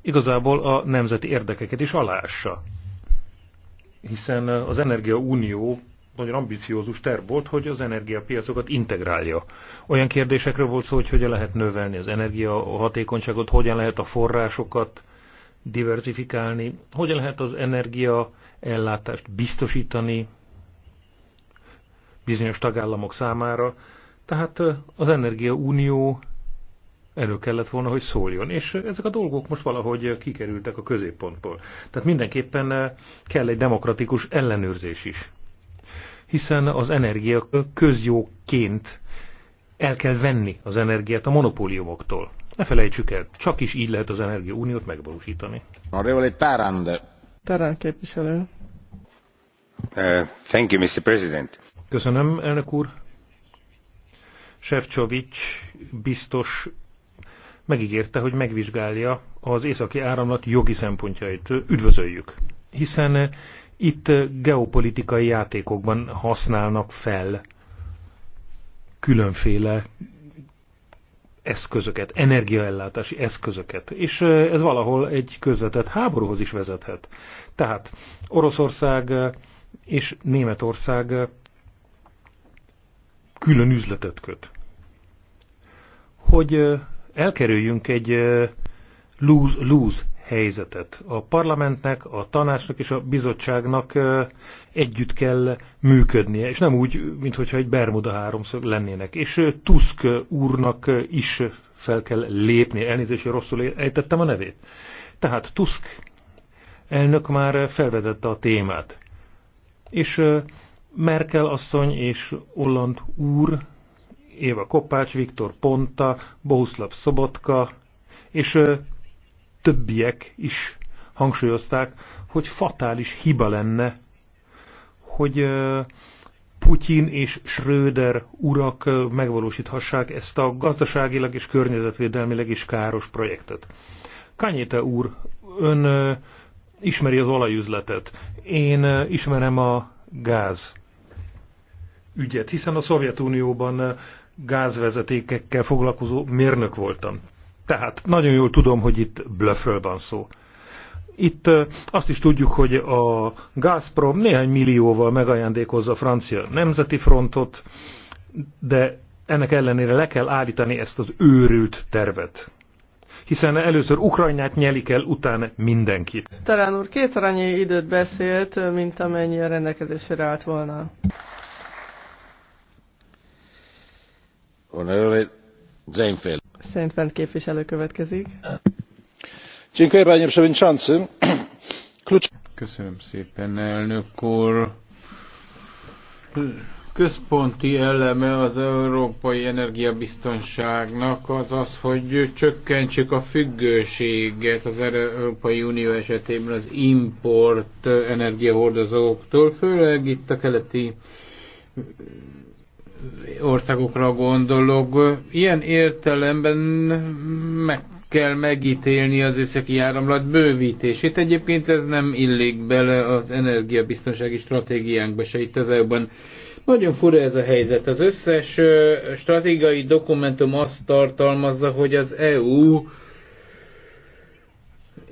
igazából a nemzeti érdekeket is alássa. Hiszen az Energia Unió nagyon ambiciózus terv volt, hogy az energiapiacokat integrálja. Olyan kérdésekről volt szó, hogy hogyan lehet növelni az energiahatékonyságot, hogyan lehet a forrásokat diversifikálni, hogyan lehet az energia ellátást biztosítani bizonyos tagállamok számára. Tehát az Energia Unió elő kellett volna, hogy szóljon. És ezek a dolgok most valahogy kikerültek a középpontból. Tehát mindenképpen kell egy demokratikus ellenőrzés is. Hiszen az energia közjóként el kell venni az energiát a monopóliumoktól. Ne felejtsük el, csak is így lehet az energiauniót megvalósítani. A egy Tarán képviselő. Uh, thank you, Mr. President. Köszönöm, elnök úr. Sefcsovics biztos megígérte, hogy megvizsgálja az északi áramlat jogi szempontjait. Üdvözöljük. Hiszen uh, itt uh, geopolitikai játékokban használnak fel különféle eszközöket, energiaellátási eszközöket, és ez valahol egy közvetett háborúhoz is vezethet. Tehát Oroszország és Németország külön üzletet köt. Hogy elkerüljünk egy lose-lose helyzetet. A parlamentnek, a tanácsnak és a bizottságnak együtt kell működnie, és nem úgy, mintha egy Bermuda háromszög lennének. És Tusk úrnak is fel kell lépni. Elnézést, hogy rosszul ejtettem a nevét. Tehát Tusk elnök már felvetette a témát. És Merkel asszony és Holland úr, Éva Kopács, Viktor Ponta, Bohuslav Szobotka, és többiek is hangsúlyozták, hogy fatális hiba lenne, hogy Putyin és Schröder urak megvalósíthassák ezt a gazdaságilag és környezetvédelmileg is káros projektet. Kanyéte úr, ön ismeri az olajüzletet. Én ismerem a gáz ügyet, hiszen a Szovjetunióban gázvezetékekkel foglalkozó mérnök voltam. Tehát nagyon jól tudom, hogy itt blöföl van szó. Itt azt is tudjuk, hogy a Gazprom néhány millióval megajándékozza a francia nemzeti frontot, de ennek ellenére le kell állítani ezt az őrült tervet. Hiszen először Ukrajnát nyelik el, utána mindenkit. Talán úr kétszer annyi időt beszélt, mint amennyi a rendelkezésre állt volna. Honorable Zeinfeld. Zeinfeld képviselő következik. Köszönöm szépen, elnök úr. Központi eleme az európai energiabiztonságnak az az, hogy csökkentsük a függőséget az Európai Unió esetében az import energiahordozóktól, főleg itt a keleti országokra gondolok. Ilyen értelemben meg kell megítélni az északi áramlat bővítését. Egyébként ez nem illik bele az energiabiztonsági stratégiánkba se itt az EU-ban. Nagyon fura ez a helyzet. Az összes stratégiai dokumentum azt tartalmazza, hogy az EU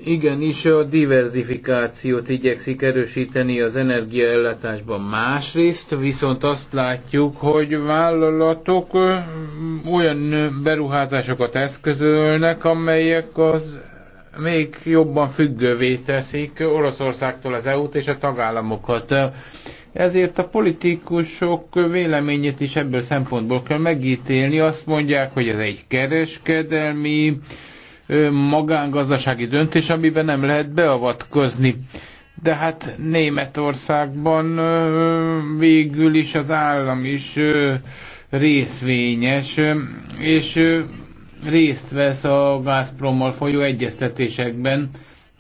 igenis a diversifikációt igyekszik erősíteni az energiaellátásban. Másrészt viszont azt látjuk, hogy vállalatok olyan beruházásokat eszközölnek, amelyek az még jobban függővé teszik Oroszországtól az EU-t és a tagállamokat. Ezért a politikusok véleményét is ebből szempontból kell megítélni. Azt mondják, hogy ez egy kereskedelmi magángazdasági döntés, amiben nem lehet beavatkozni. De hát Németországban végül is az állam is részvényes, és részt vesz a Gazprommal folyó egyeztetésekben,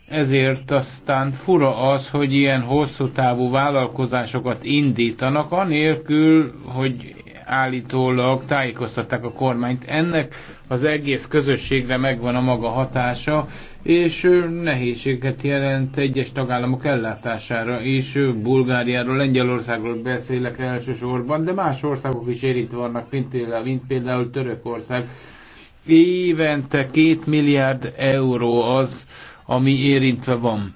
ezért aztán fura az, hogy ilyen hosszú távú vállalkozásokat indítanak, anélkül, hogy állítólag tájékoztatták a kormányt. Ennek az egész közösségre megvan a maga hatása, és nehézséget jelent egyes tagállamok ellátására is. Bulgáriáról, Lengyelországról beszélek elsősorban, de más országok is érintve vannak, mint például, mint például Törökország. Évente két milliárd euró az, ami érintve van.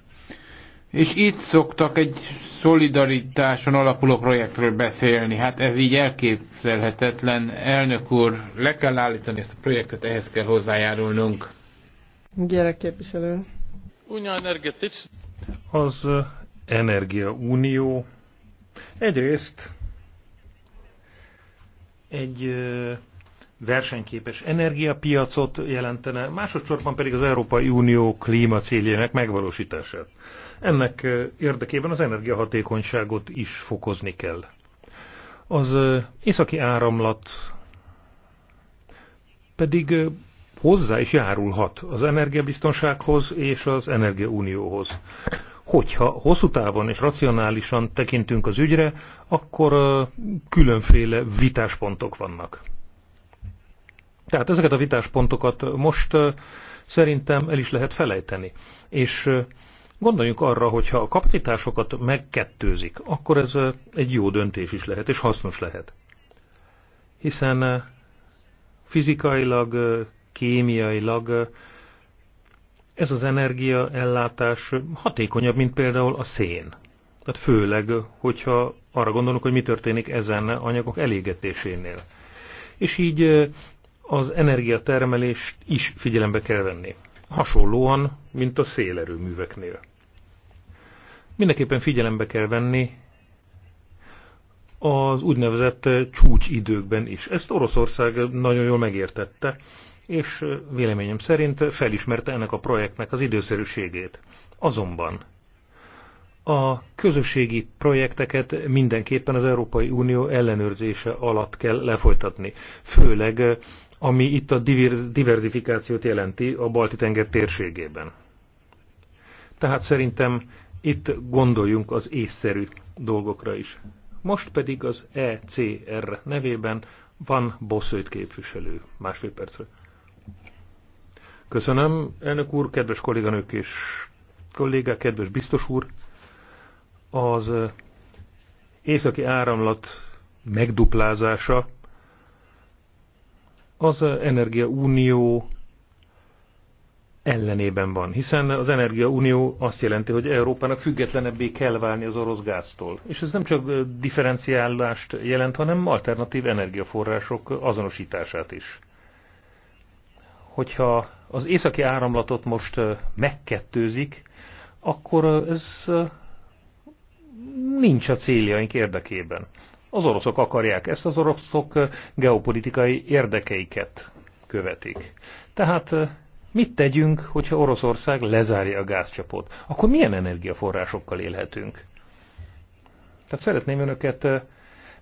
És itt szoktak egy szolidaritáson alapuló projektről beszélni. Hát ez így elképzelhetetlen. Elnök úr, le kell állítani ezt a projektet, ehhez kell hozzájárulnunk. energetics Az Energia Unió egyrészt egy versenyképes energiapiacot jelentene, másodszorban pedig az Európai Unió klímacéljének megvalósítását. Ennek érdekében az energiahatékonyságot is fokozni kell. Az északi áramlat pedig hozzá is járulhat az energiabiztonsághoz és az energiaunióhoz. Hogyha hosszú távon és racionálisan tekintünk az ügyre, akkor különféle vitáspontok vannak. Tehát ezeket a vitáspontokat most szerintem el is lehet felejteni. És Gondoljunk arra, hogy ha a kapacitásokat megkettőzik, akkor ez egy jó döntés is lehet, és hasznos lehet. Hiszen fizikailag, kémiailag ez az energiaellátás hatékonyabb, mint például a szén. Tehát főleg, hogyha arra gondolunk, hogy mi történik ezen anyagok elégetésénél. És így az energiatermelést is figyelembe kell venni. Hasonlóan, mint a szélerőműveknél mindenképpen figyelembe kell venni az úgynevezett csúcsidőkben is. Ezt Oroszország nagyon jól megértette, és véleményem szerint felismerte ennek a projektnek az időszerűségét. Azonban a közösségi projekteket mindenképpen az Európai Unió ellenőrzése alatt kell lefolytatni, főleg ami itt a diversifikációt jelenti a Balti-tenger térségében. Tehát szerintem itt gondoljunk az észszerű dolgokra is. Most pedig az ECR nevében van Bosszőt képviselő. Másfél percre. Köszönöm, elnök úr, kedves kolléganők és kollégák, kedves biztos úr. Az északi áramlat megduplázása az Energia Unió ellenében van, hiszen az energiaunió azt jelenti, hogy Európának függetlenebbé kell válni az orosz gáztól. És ez nem csak differenciálást jelent, hanem alternatív energiaforrások azonosítását is. Hogyha az északi áramlatot most megkettőzik, akkor ez nincs a céljaink érdekében. Az oroszok akarják ezt, az oroszok geopolitikai érdekeiket követik. Tehát Mit tegyünk, hogyha Oroszország lezárja a gázcsapot? Akkor milyen energiaforrásokkal élhetünk? Tehát szeretném önöket eh,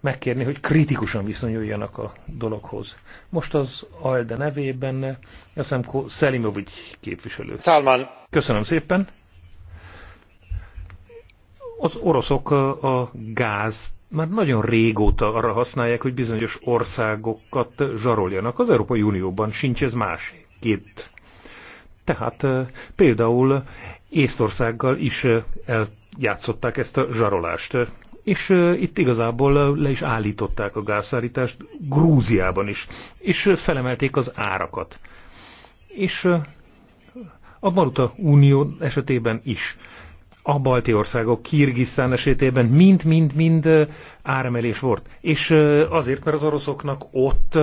megkérni, hogy kritikusan viszonyuljanak a dologhoz. Most az ALDE nevében, eh, azt hiszem, Szelimovic képviselő. Szálmán. Köszönöm szépen. Az oroszok eh, a gáz már nagyon régóta arra használják, hogy bizonyos országokat zsaroljanak. Az Európai Unióban sincs ez más. Két tehát például Észtországgal is eljátszották ezt a zsarolást. És itt igazából le is állították a gázszállítást Grúziában is, és felemelték az árakat. És a Valuta Unió esetében is. A balti országok, Kirgisztán esetében mind-mind-mind áremelés volt. És azért, mert az oroszoknak ott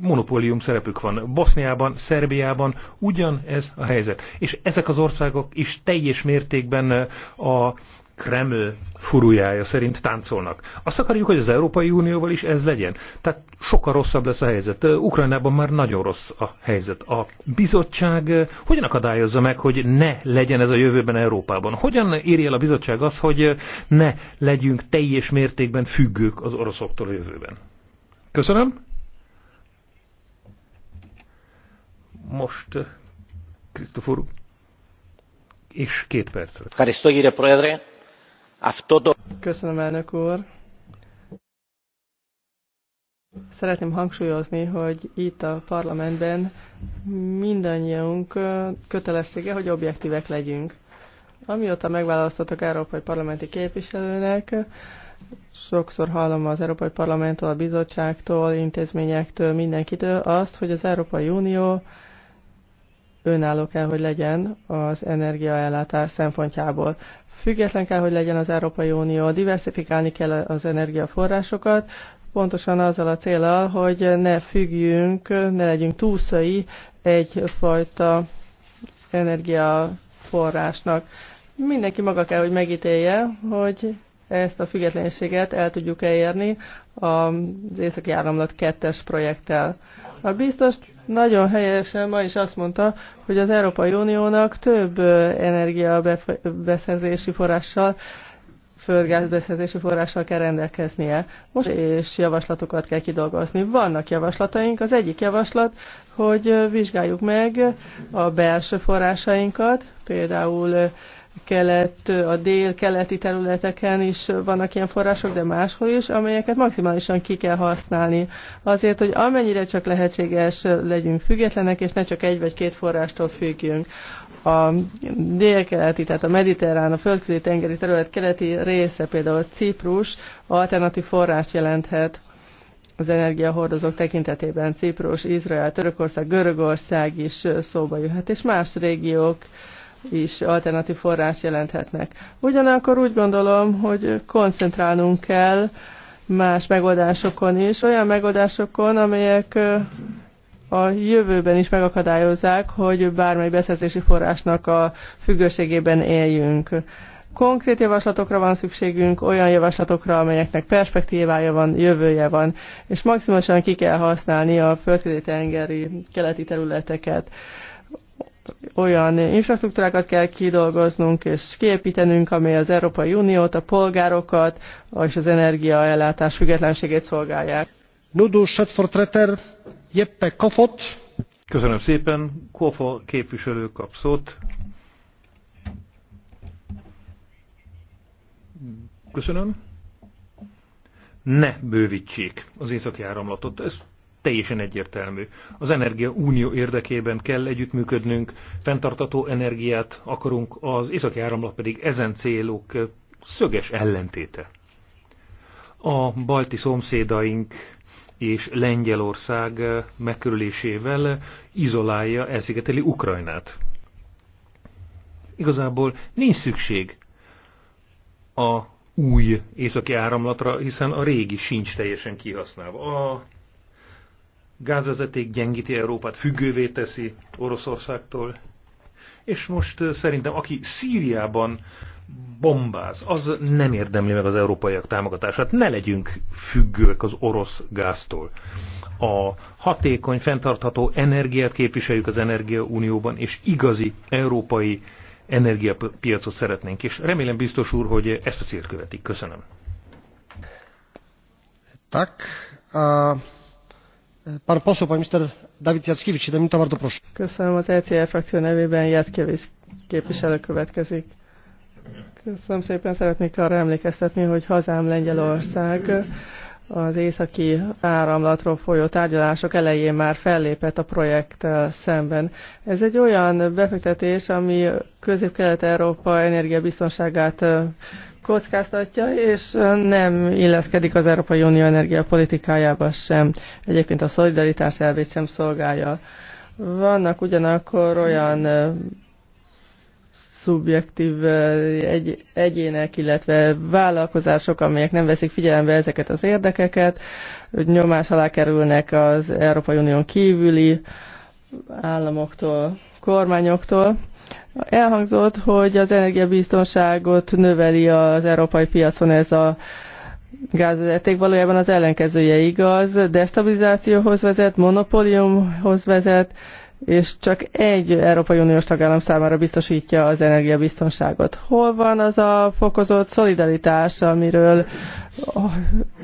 monopólium szerepük van. Boszniában, Szerbiában ugyan ez a helyzet. És ezek az országok is teljes mértékben a Kreml furujája szerint táncolnak. Azt akarjuk, hogy az Európai Unióval is ez legyen. Tehát sokkal rosszabb lesz a helyzet. Ukrajnában már nagyon rossz a helyzet. A bizottság hogyan akadályozza meg, hogy ne legyen ez a jövőben Európában? Hogyan írja el a bizottság az, hogy ne legyünk teljes mértékben függők az oroszoktól a jövőben? Köszönöm. Most eh, Krisztofor és két percre. Köszönöm, elnök úr. Szeretném hangsúlyozni, hogy itt a parlamentben mindannyiunk eh, kötelessége, hogy objektívek legyünk. Amióta megválasztottak európai parlamenti képviselőnek, sokszor hallom az Európai Parlamenttől, a bizottságtól, intézményektől, mindenkitől azt, hogy az Európai Unió önálló kell, hogy legyen az energiaellátás szempontjából. Független kell, hogy legyen az Európai Unió, diversifikálni kell az energiaforrásokat, pontosan azzal a célral, hogy ne függjünk, ne legyünk túlszai egyfajta energiaforrásnak. Mindenki maga kell, hogy megítélje, hogy ezt a függetlenséget el tudjuk elérni az Északi Áramlat 2-es projekttel. A biztos nagyon helyesen ma is azt mondta, hogy az Európai Uniónak több energiabeszerzési forrással földgázbeszerzési forrással kell rendelkeznie, most és javaslatokat kell kidolgozni. Vannak javaslataink, az egyik javaslat, hogy vizsgáljuk meg a belső forrásainkat, például kelet, a dél-keleti területeken is vannak ilyen források, de máshol is, amelyeket maximálisan ki kell használni. Azért, hogy amennyire csak lehetséges legyünk függetlenek, és ne csak egy vagy két forrástól függjünk. A dél-keleti, tehát a mediterrán, a földközi tengeri terület keleti része, például Ciprus, alternatív forrást jelenthet az energiahordozók tekintetében Ciprus, Izrael, Törökország, Görögország is szóba jöhet, és más régiók is alternatív forrás jelenthetnek. Ugyanakkor úgy gondolom, hogy koncentrálnunk kell más megoldásokon is, olyan megoldásokon, amelyek a jövőben is megakadályozzák, hogy bármely beszerzési forrásnak a függőségében éljünk. Konkrét javaslatokra van szükségünk, olyan javaslatokra, amelyeknek perspektívája van, jövője van, és maximálisan ki kell használni a földközi tengeri keleti területeket olyan infrastruktúrákat kell kidolgoznunk és kiépítenünk, amely az Európai Uniót, a polgárokat és az energiaellátás függetlenségét szolgálják. Jeppe Kofot. Köszönöm szépen. Kofa képviselő kap szót. Köszönöm. Ne bővítsék az északi áramlatot. Ez teljesen egyértelmű. Az Energia Unió érdekében kell együttműködnünk, fenntartató energiát akarunk, az északi áramlat pedig ezen célok szöges ellentéte. A balti szomszédaink és Lengyelország megkörülésével izolálja elszigeteli Ukrajnát. Igazából nincs szükség a új északi áramlatra, hiszen a régi sincs teljesen kihasználva. A gázvezeték gyengíti Európát, függővé teszi Oroszországtól. És most szerintem, aki Szíriában bombáz, az nem érdemli meg az európaiak támogatását. Ne legyünk függők az orosz gáztól. A hatékony, fenntartható energiát képviseljük az Energiaunióban, és igazi európai energiapiacot szeretnénk. És remélem biztos úr, hogy ezt a célt követik. Köszönöm. Tak. Uh... David a Köszönöm az ECR frakció nevében, Jackiewicz képviselő következik. Köszönöm szépen, szeretnék arra emlékeztetni, hogy hazám Lengyelország az északi áramlatról folyó tárgyalások elején már fellépett a projekttel szemben. Ez egy olyan befektetés, ami közép-kelet-európa energiabiztonságát kockáztatja, és nem illeszkedik az Európai Unió energiapolitikájába sem. Egyébként a szolidaritás elvét sem szolgálja. Vannak ugyanakkor olyan szubjektív egy, egyének, illetve vállalkozások, amelyek nem veszik figyelembe ezeket az érdekeket, nyomás alá kerülnek az Európai Unión kívüli államoktól, kormányoktól Elhangzott, hogy az energiabiztonságot növeli az európai piacon ez a gázvezeték. Valójában az ellenkezője igaz, destabilizációhoz vezet, monopóliumhoz vezet, és csak egy Európai Uniós tagállam számára biztosítja az energiabiztonságot. Hol van az a fokozott szolidaritás, amiről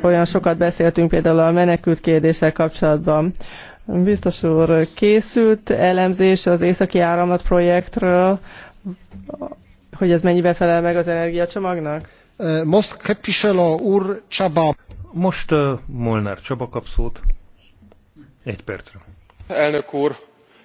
olyan sokat beszéltünk például a menekült kérdéssel kapcsolatban? Biztos úr, készült elemzés az északi áramlat projektről, hogy ez mennyibe felel meg az energiacsomagnak? Most a úr Csaba. Most uh, Molnár Csaba kap szót. Egy percre. Elnök úr,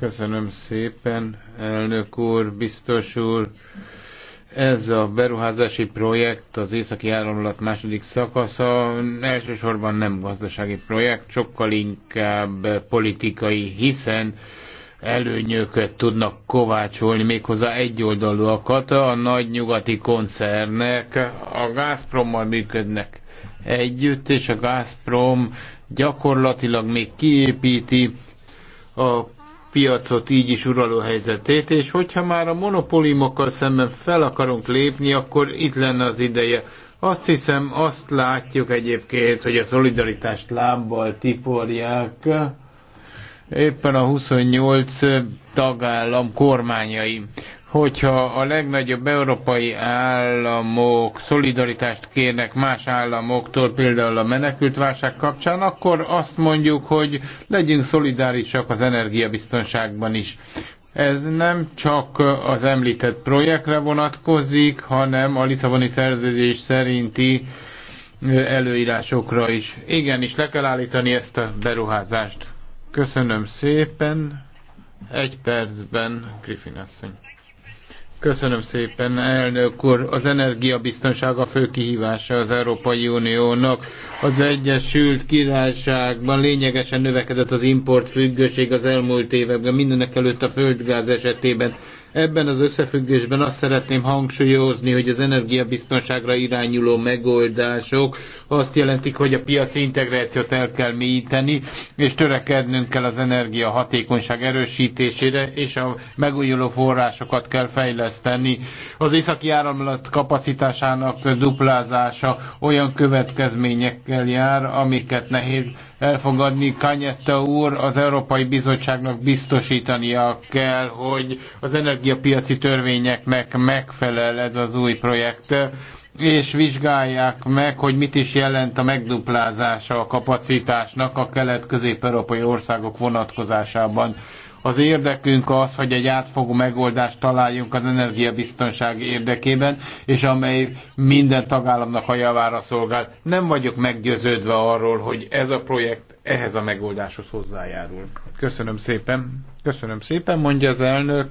Köszönöm szépen, elnök úr, biztos úr. Ez a beruházási projekt az északi áramlat második szakasza elsősorban nem gazdasági projekt, sokkal inkább politikai, hiszen előnyöket tudnak kovácsolni, méghozzá egyoldalúakat a nagy nyugati koncernek. A Gazprommal működnek együtt, és a Gazprom gyakorlatilag még kiépíti a piacot, így is uraló helyzetét, és hogyha már a monopóliumokkal szemben fel akarunk lépni, akkor itt lenne az ideje. Azt hiszem, azt látjuk egyébként, hogy a szolidaritást lábbal tiporják éppen a 28 tagállam kormányai hogyha a legnagyobb európai államok szolidaritást kérnek más államoktól, például a menekültválság kapcsán, akkor azt mondjuk, hogy legyünk szolidárisak az energiabiztonságban is. Ez nem csak az említett projektre vonatkozik, hanem a Lisszaboni szerződés szerinti előírásokra is. Igen, és le kell állítani ezt a beruházást. Köszönöm szépen. Egy percben, Griffin asszony. Köszönöm szépen, elnök úr. Az energiabiztonsága fő kihívása az Európai Uniónak. Az Egyesült Királyságban lényegesen növekedett az import függőség az elmúlt években, mindenek előtt a földgáz esetében. Ebben az összefüggésben azt szeretném hangsúlyozni, hogy az energiabiztonságra irányuló megoldások azt jelentik, hogy a piaci integrációt el kell mélyíteni, és törekednünk kell az energia hatékonyság erősítésére, és a megújuló forrásokat kell fejleszteni. Az északi áramlat kapacitásának duplázása olyan következményekkel jár, amiket nehéz elfogadni. Kanyetta úr az Európai Bizottságnak biztosítania kell, hogy az energia energiapiaci törvényeknek megfelel ez az új projekt, és vizsgálják meg, hogy mit is jelent a megduplázása a kapacitásnak a kelet-közép-európai országok vonatkozásában. Az érdekünk az, hogy egy átfogó megoldást találjunk az energiabiztonság érdekében, és amely minden tagállamnak a javára szolgál. Nem vagyok meggyőződve arról, hogy ez a projekt ehhez a megoldáshoz hozzájárul. Köszönöm szépen. Köszönöm szépen, mondja az elnök.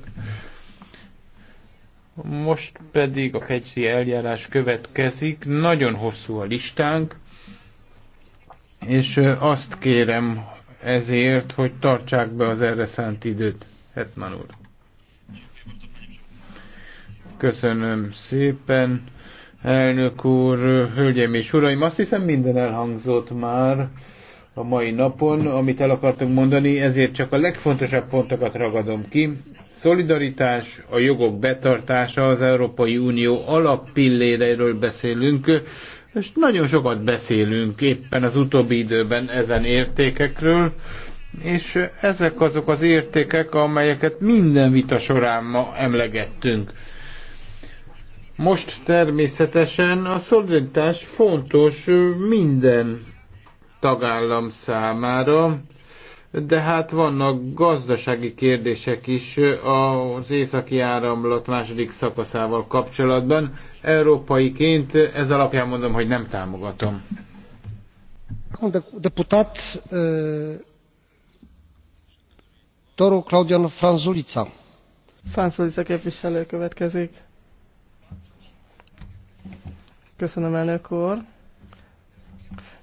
Most pedig a kegysi eljárás következik. Nagyon hosszú a listánk, és azt kérem ezért, hogy tartsák be az erre szánt időt. Hetman úr. Köszönöm szépen. Elnök úr, hölgyeim és uraim, azt hiszem minden elhangzott már a mai napon, amit el akartunk mondani, ezért csak a legfontosabb pontokat ragadom ki szolidaritás, a jogok betartása, az Európai Unió alappilléreiről beszélünk, és nagyon sokat beszélünk éppen az utóbbi időben ezen értékekről, és ezek azok az értékek, amelyeket minden vita során ma emlegettünk. Most természetesen a szolidaritás fontos minden tagállam számára, de hát vannak gazdasági kérdések is az északi áramlat második szakaszával kapcsolatban. Európaiként ez alapján mondom, hogy nem támogatom. Deputat Toro Claudian Franzulica. Franzulica képviselő következik. Köszönöm, elnök úr.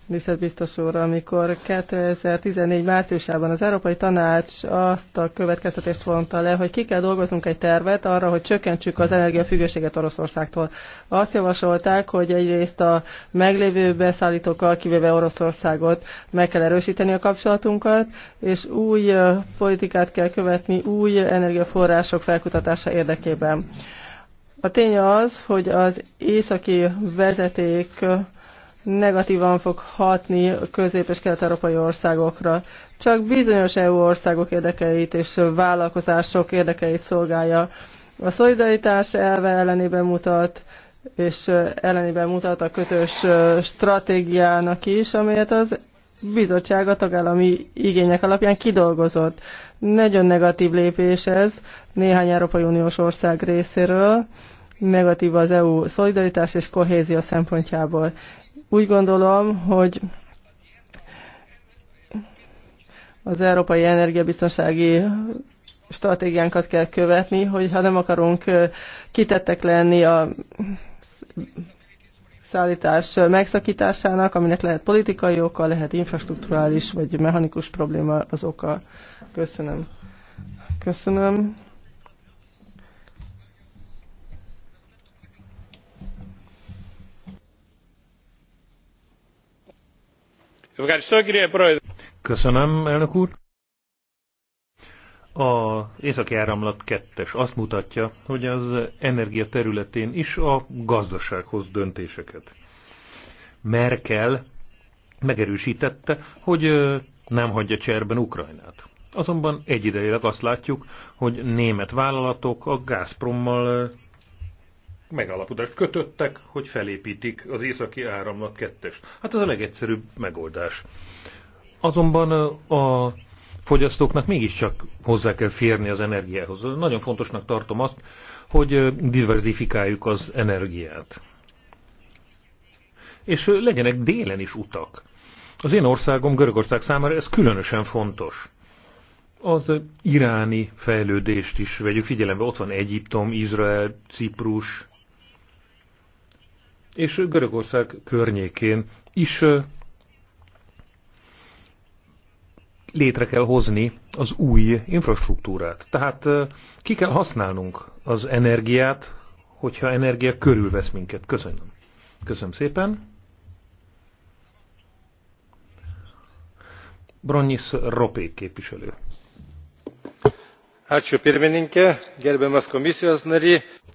Liszett biztos úr, amikor 2014 márciusában az Európai Tanács azt a következtetést vonta le, hogy ki kell dolgoznunk egy tervet arra, hogy csökkentsük az energiafüggőséget Oroszországtól. Azt javasolták, hogy egyrészt a meglévő beszállítókkal, kivéve Oroszországot meg kell erősíteni a kapcsolatunkat, és új politikát kell követni új energiaforrások felkutatása érdekében. A tény az, hogy az északi vezeték negatívan fog hatni a közép- és kelet-európai országokra. Csak bizonyos EU országok érdekeit és vállalkozások érdekeit szolgálja. A szolidaritás elve ellenében mutat, és ellenében mutat a közös stratégiának is, amelyet az bizottság a tagállami igények alapján kidolgozott. Nagyon negatív lépés ez néhány Európai Uniós ország részéről, negatív az EU szolidaritás és kohézió szempontjából. Úgy gondolom, hogy az európai energiabiztonsági stratégiánkat kell követni, hogy ha nem akarunk kitettek lenni a szállítás megszakításának, aminek lehet politikai oka, lehet infrastruktúrális vagy mechanikus probléma az oka. Köszönöm. Köszönöm. Köszönöm, elnök úr. Az északi áramlat kettes azt mutatja, hogy az energia területén is a gazdasághoz döntéseket. Merkel megerősítette, hogy nem hagyja cserben Ukrajnát. Azonban egyidejileg azt látjuk, hogy német vállalatok a Gazprommal megalapodást kötöttek, hogy felépítik az északi áramlat kettest. Hát ez a legegyszerűbb megoldás. Azonban a fogyasztóknak mégiscsak hozzá kell férni az energiához. Nagyon fontosnak tartom azt, hogy diverzifikáljuk az energiát. És legyenek délen is utak. Az én országom, Görögország számára ez különösen fontos. Az iráni fejlődést is vegyük figyelembe. Ott van Egyiptom, Izrael, Ciprus, és Görögország környékén is létre kell hozni az új infrastruktúrát. Tehát ki kell használnunk az energiát, hogyha energia körülvesz minket. Köszönöm. Köszönöm szépen. Bronyis Ropé képviselő.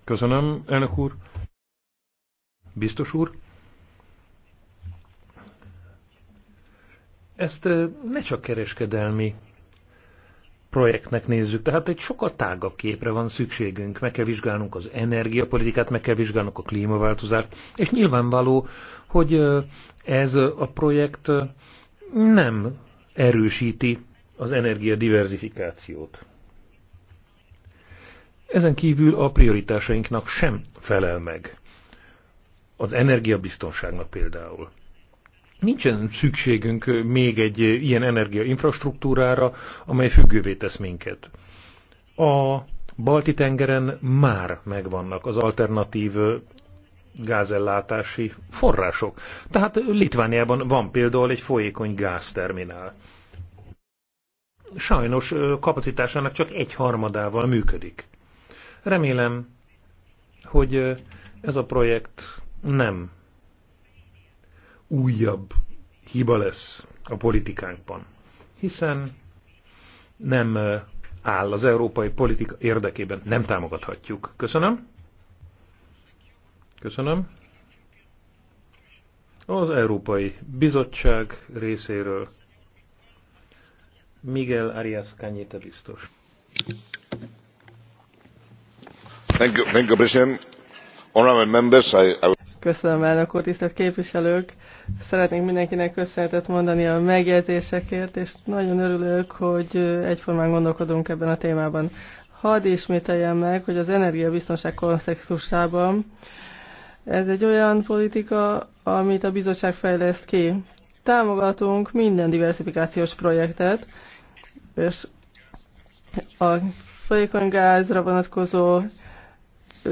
Köszönöm, elnök úr. Biztos úr, ezt ne csak kereskedelmi projektnek nézzük, tehát egy sokkal tágabb képre van szükségünk. Meg kell vizsgálnunk az energiapolitikát, meg kell vizsgálnunk a klímaváltozást, és nyilvánvaló, hogy ez a projekt nem erősíti az energiadiverzifikációt. Ezen kívül a prioritásainknak sem felel meg az energiabiztonságnak például. Nincsen szükségünk még egy ilyen energiainfrastruktúrára, amely függővé tesz minket. A Balti-tengeren már megvannak az alternatív gázellátási források. Tehát Litvániában van például egy folyékony gázterminál. Sajnos kapacitásának csak egy harmadával működik. Remélem, hogy ez a projekt nem újabb hiba lesz a politikánkban, hiszen nem eh, áll az európai politika érdekében, nem támogathatjuk. Köszönöm. Köszönöm. Az Európai Bizottság részéről Miguel Arias Cañete biztos. Thank you, thank you, President. Honorable members, I, I... Köszönöm, elnök úr, tisztelt képviselők! Szeretnék mindenkinek köszönetet mondani a megjegyzésekért, és nagyon örülök, hogy egyformán gondolkodunk ebben a témában. Hadd ismételjem meg, hogy az energiabiztonság konszexusában ez egy olyan politika, amit a bizottság fejleszt ki. Támogatunk minden diversifikációs projektet, és a folyékony gázra vonatkozó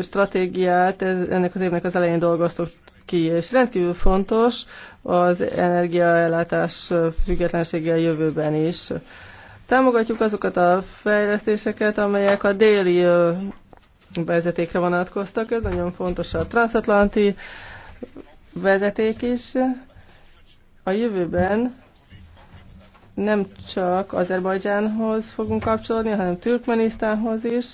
stratégiát ennek az évnek az elején dolgoztuk ki, és rendkívül fontos az energiaellátás függetlensége a jövőben is. Támogatjuk azokat a fejlesztéseket, amelyek a déli vezetékre vonatkoztak, ez nagyon fontos a transatlanti vezeték is. A jövőben nem csak Azerbajdzsánhoz fogunk kapcsolódni, hanem Türkmenisztánhoz is,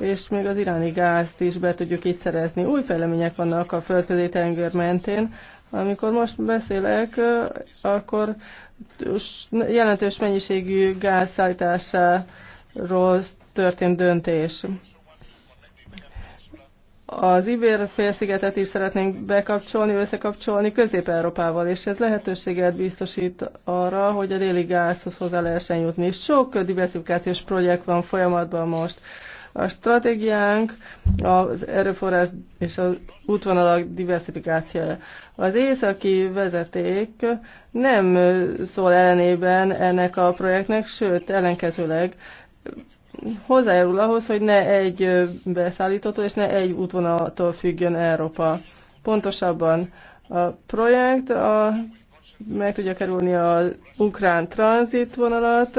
és még az iráni gázt is be tudjuk így szerezni. Új fejlemények vannak a földközi tenger mentén. Amikor most beszélek, akkor jelentős mennyiségű gázszállításáról történt döntés. Az Ibér-félszigetet is szeretnénk bekapcsolni, összekapcsolni Közép-Európával, és ez lehetőséget biztosít arra, hogy a déli gázhoz hozzá lehessen jutni. Sok diversifikációs projekt van folyamatban most. A stratégiánk az erőforrás és az útvonalak diversifikációja. Az északi vezeték nem szól ellenében ennek a projektnek, sőt, ellenkezőleg hozzájárul ahhoz, hogy ne egy beszállítótól és ne egy útvonaltól függjön Európa. Pontosabban a projekt a, meg tudja kerülni az ukrán tranzitvonalat,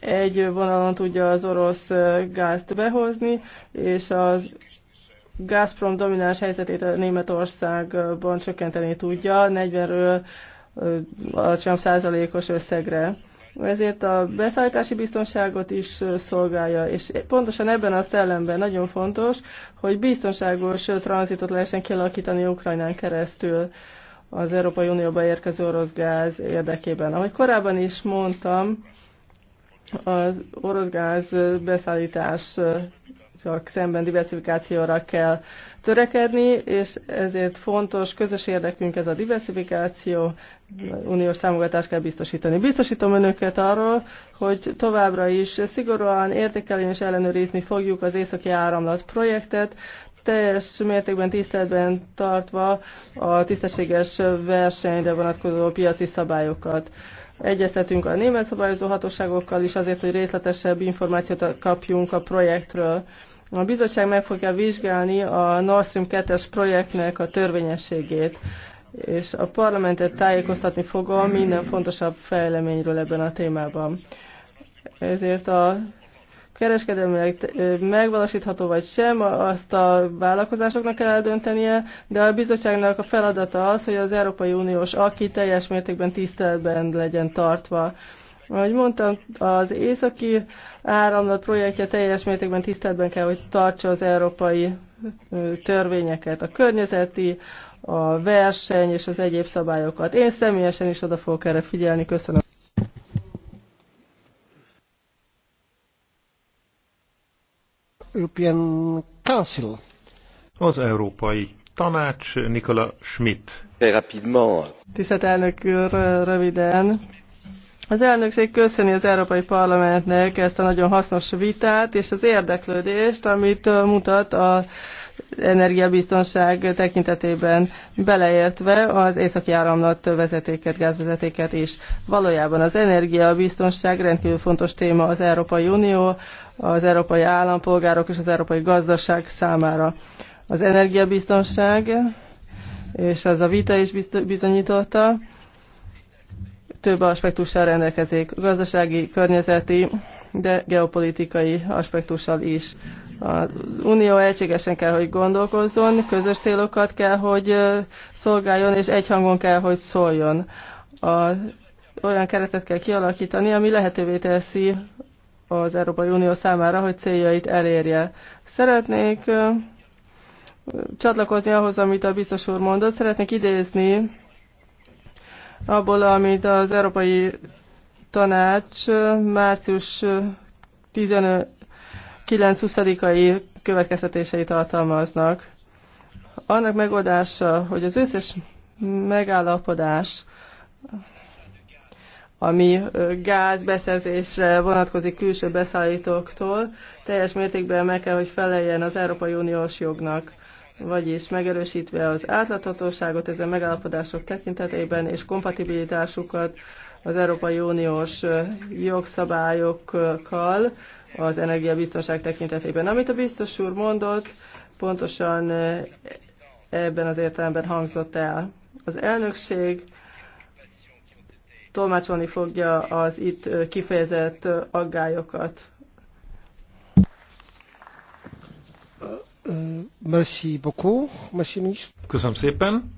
egy vonalon tudja az orosz gázt behozni, és az Gazprom domináns helyzetét a Németországban csökkenteni tudja 40-ről alacsonyabb százalékos összegre. Ezért a beszállítási biztonságot is szolgálja, és pontosan ebben a szellemben nagyon fontos, hogy biztonságos tranzitot lehessen kialakítani Ukrajnán keresztül az Európai Unióba érkező orosz gáz érdekében. Ahogy korábban is mondtam, az orosz gáz beszállítás csak szemben diversifikációra kell törekedni, és ezért fontos, közös érdekünk ez a diversifikáció, uniós támogatást kell biztosítani. Biztosítom önöket arról, hogy továbbra is szigorúan értékelni és ellenőrizni fogjuk az északi áramlat projektet, teljes mértékben tiszteletben tartva a tisztességes versenyre vonatkozó piaci szabályokat Egyeztetünk a német szabályozó hatóságokkal is azért, hogy részletesebb információt kapjunk a projektről. A bizottság meg fogja vizsgálni a Nord Stream 2-es projektnek a törvényességét, és a parlamentet tájékoztatni fogom minden fontosabb fejleményről ebben a témában. Ezért a kereskedelmileg megvalósítható vagy sem, azt a vállalkozásoknak kell eldöntenie, de a bizottságnak a feladata az, hogy az Európai Uniós aki teljes mértékben tiszteletben legyen tartva. Ahogy mondtam, az északi áramlat projektje teljes mértékben tiszteletben kell, hogy tartsa az európai törvényeket, a környezeti, a verseny és az egyéb szabályokat. Én személyesen is oda fogok erre figyelni. Köszönöm. European Council. Az Európai Tanács Nikola Schmidt. Tisztelt elnök úr, röviden. Az elnökség köszöni az Európai Parlamentnek ezt a nagyon hasznos vitát és az érdeklődést, amit mutat a energiabiztonság tekintetében beleértve az északi áramlat vezetéket, gázvezetéket is. Valójában az energiabiztonság rendkívül fontos téma az Európai Unió, az európai állampolgárok és az európai gazdaság számára. Az energiabiztonság, és az a vita is bizonyította, több aspektussal rendelkezik, gazdasági, környezeti, de geopolitikai aspektussal is. Az Unió egységesen kell, hogy gondolkozzon, közös célokat kell, hogy szolgáljon, és egyhangon kell, hogy szóljon. A, olyan keretet kell kialakítani, ami lehetővé teszi az Európai Unió számára, hogy céljait elérje. Szeretnék csatlakozni ahhoz, amit a biztos úr mondott. Szeretnék idézni abból, amit az Európai Tanács március 15 9 20 következtetései tartalmaznak. Annak megoldása, hogy az összes megállapodás, ami gázbeszerzésre vonatkozik külső beszállítóktól, teljes mértékben meg kell, hogy feleljen az Európai Uniós jognak, vagyis megerősítve az átláthatóságot ezen megállapodások tekintetében és kompatibilitásukat az Európai Uniós jogszabályokkal, az energiabiztonság tekintetében. Amit a biztos úr mondott, pontosan eh, ebben az értelemben hangzott el. Az elnökség tolmácsolni fogja az itt eh, kifejezett eh, aggályokat. Köszönöm szépen.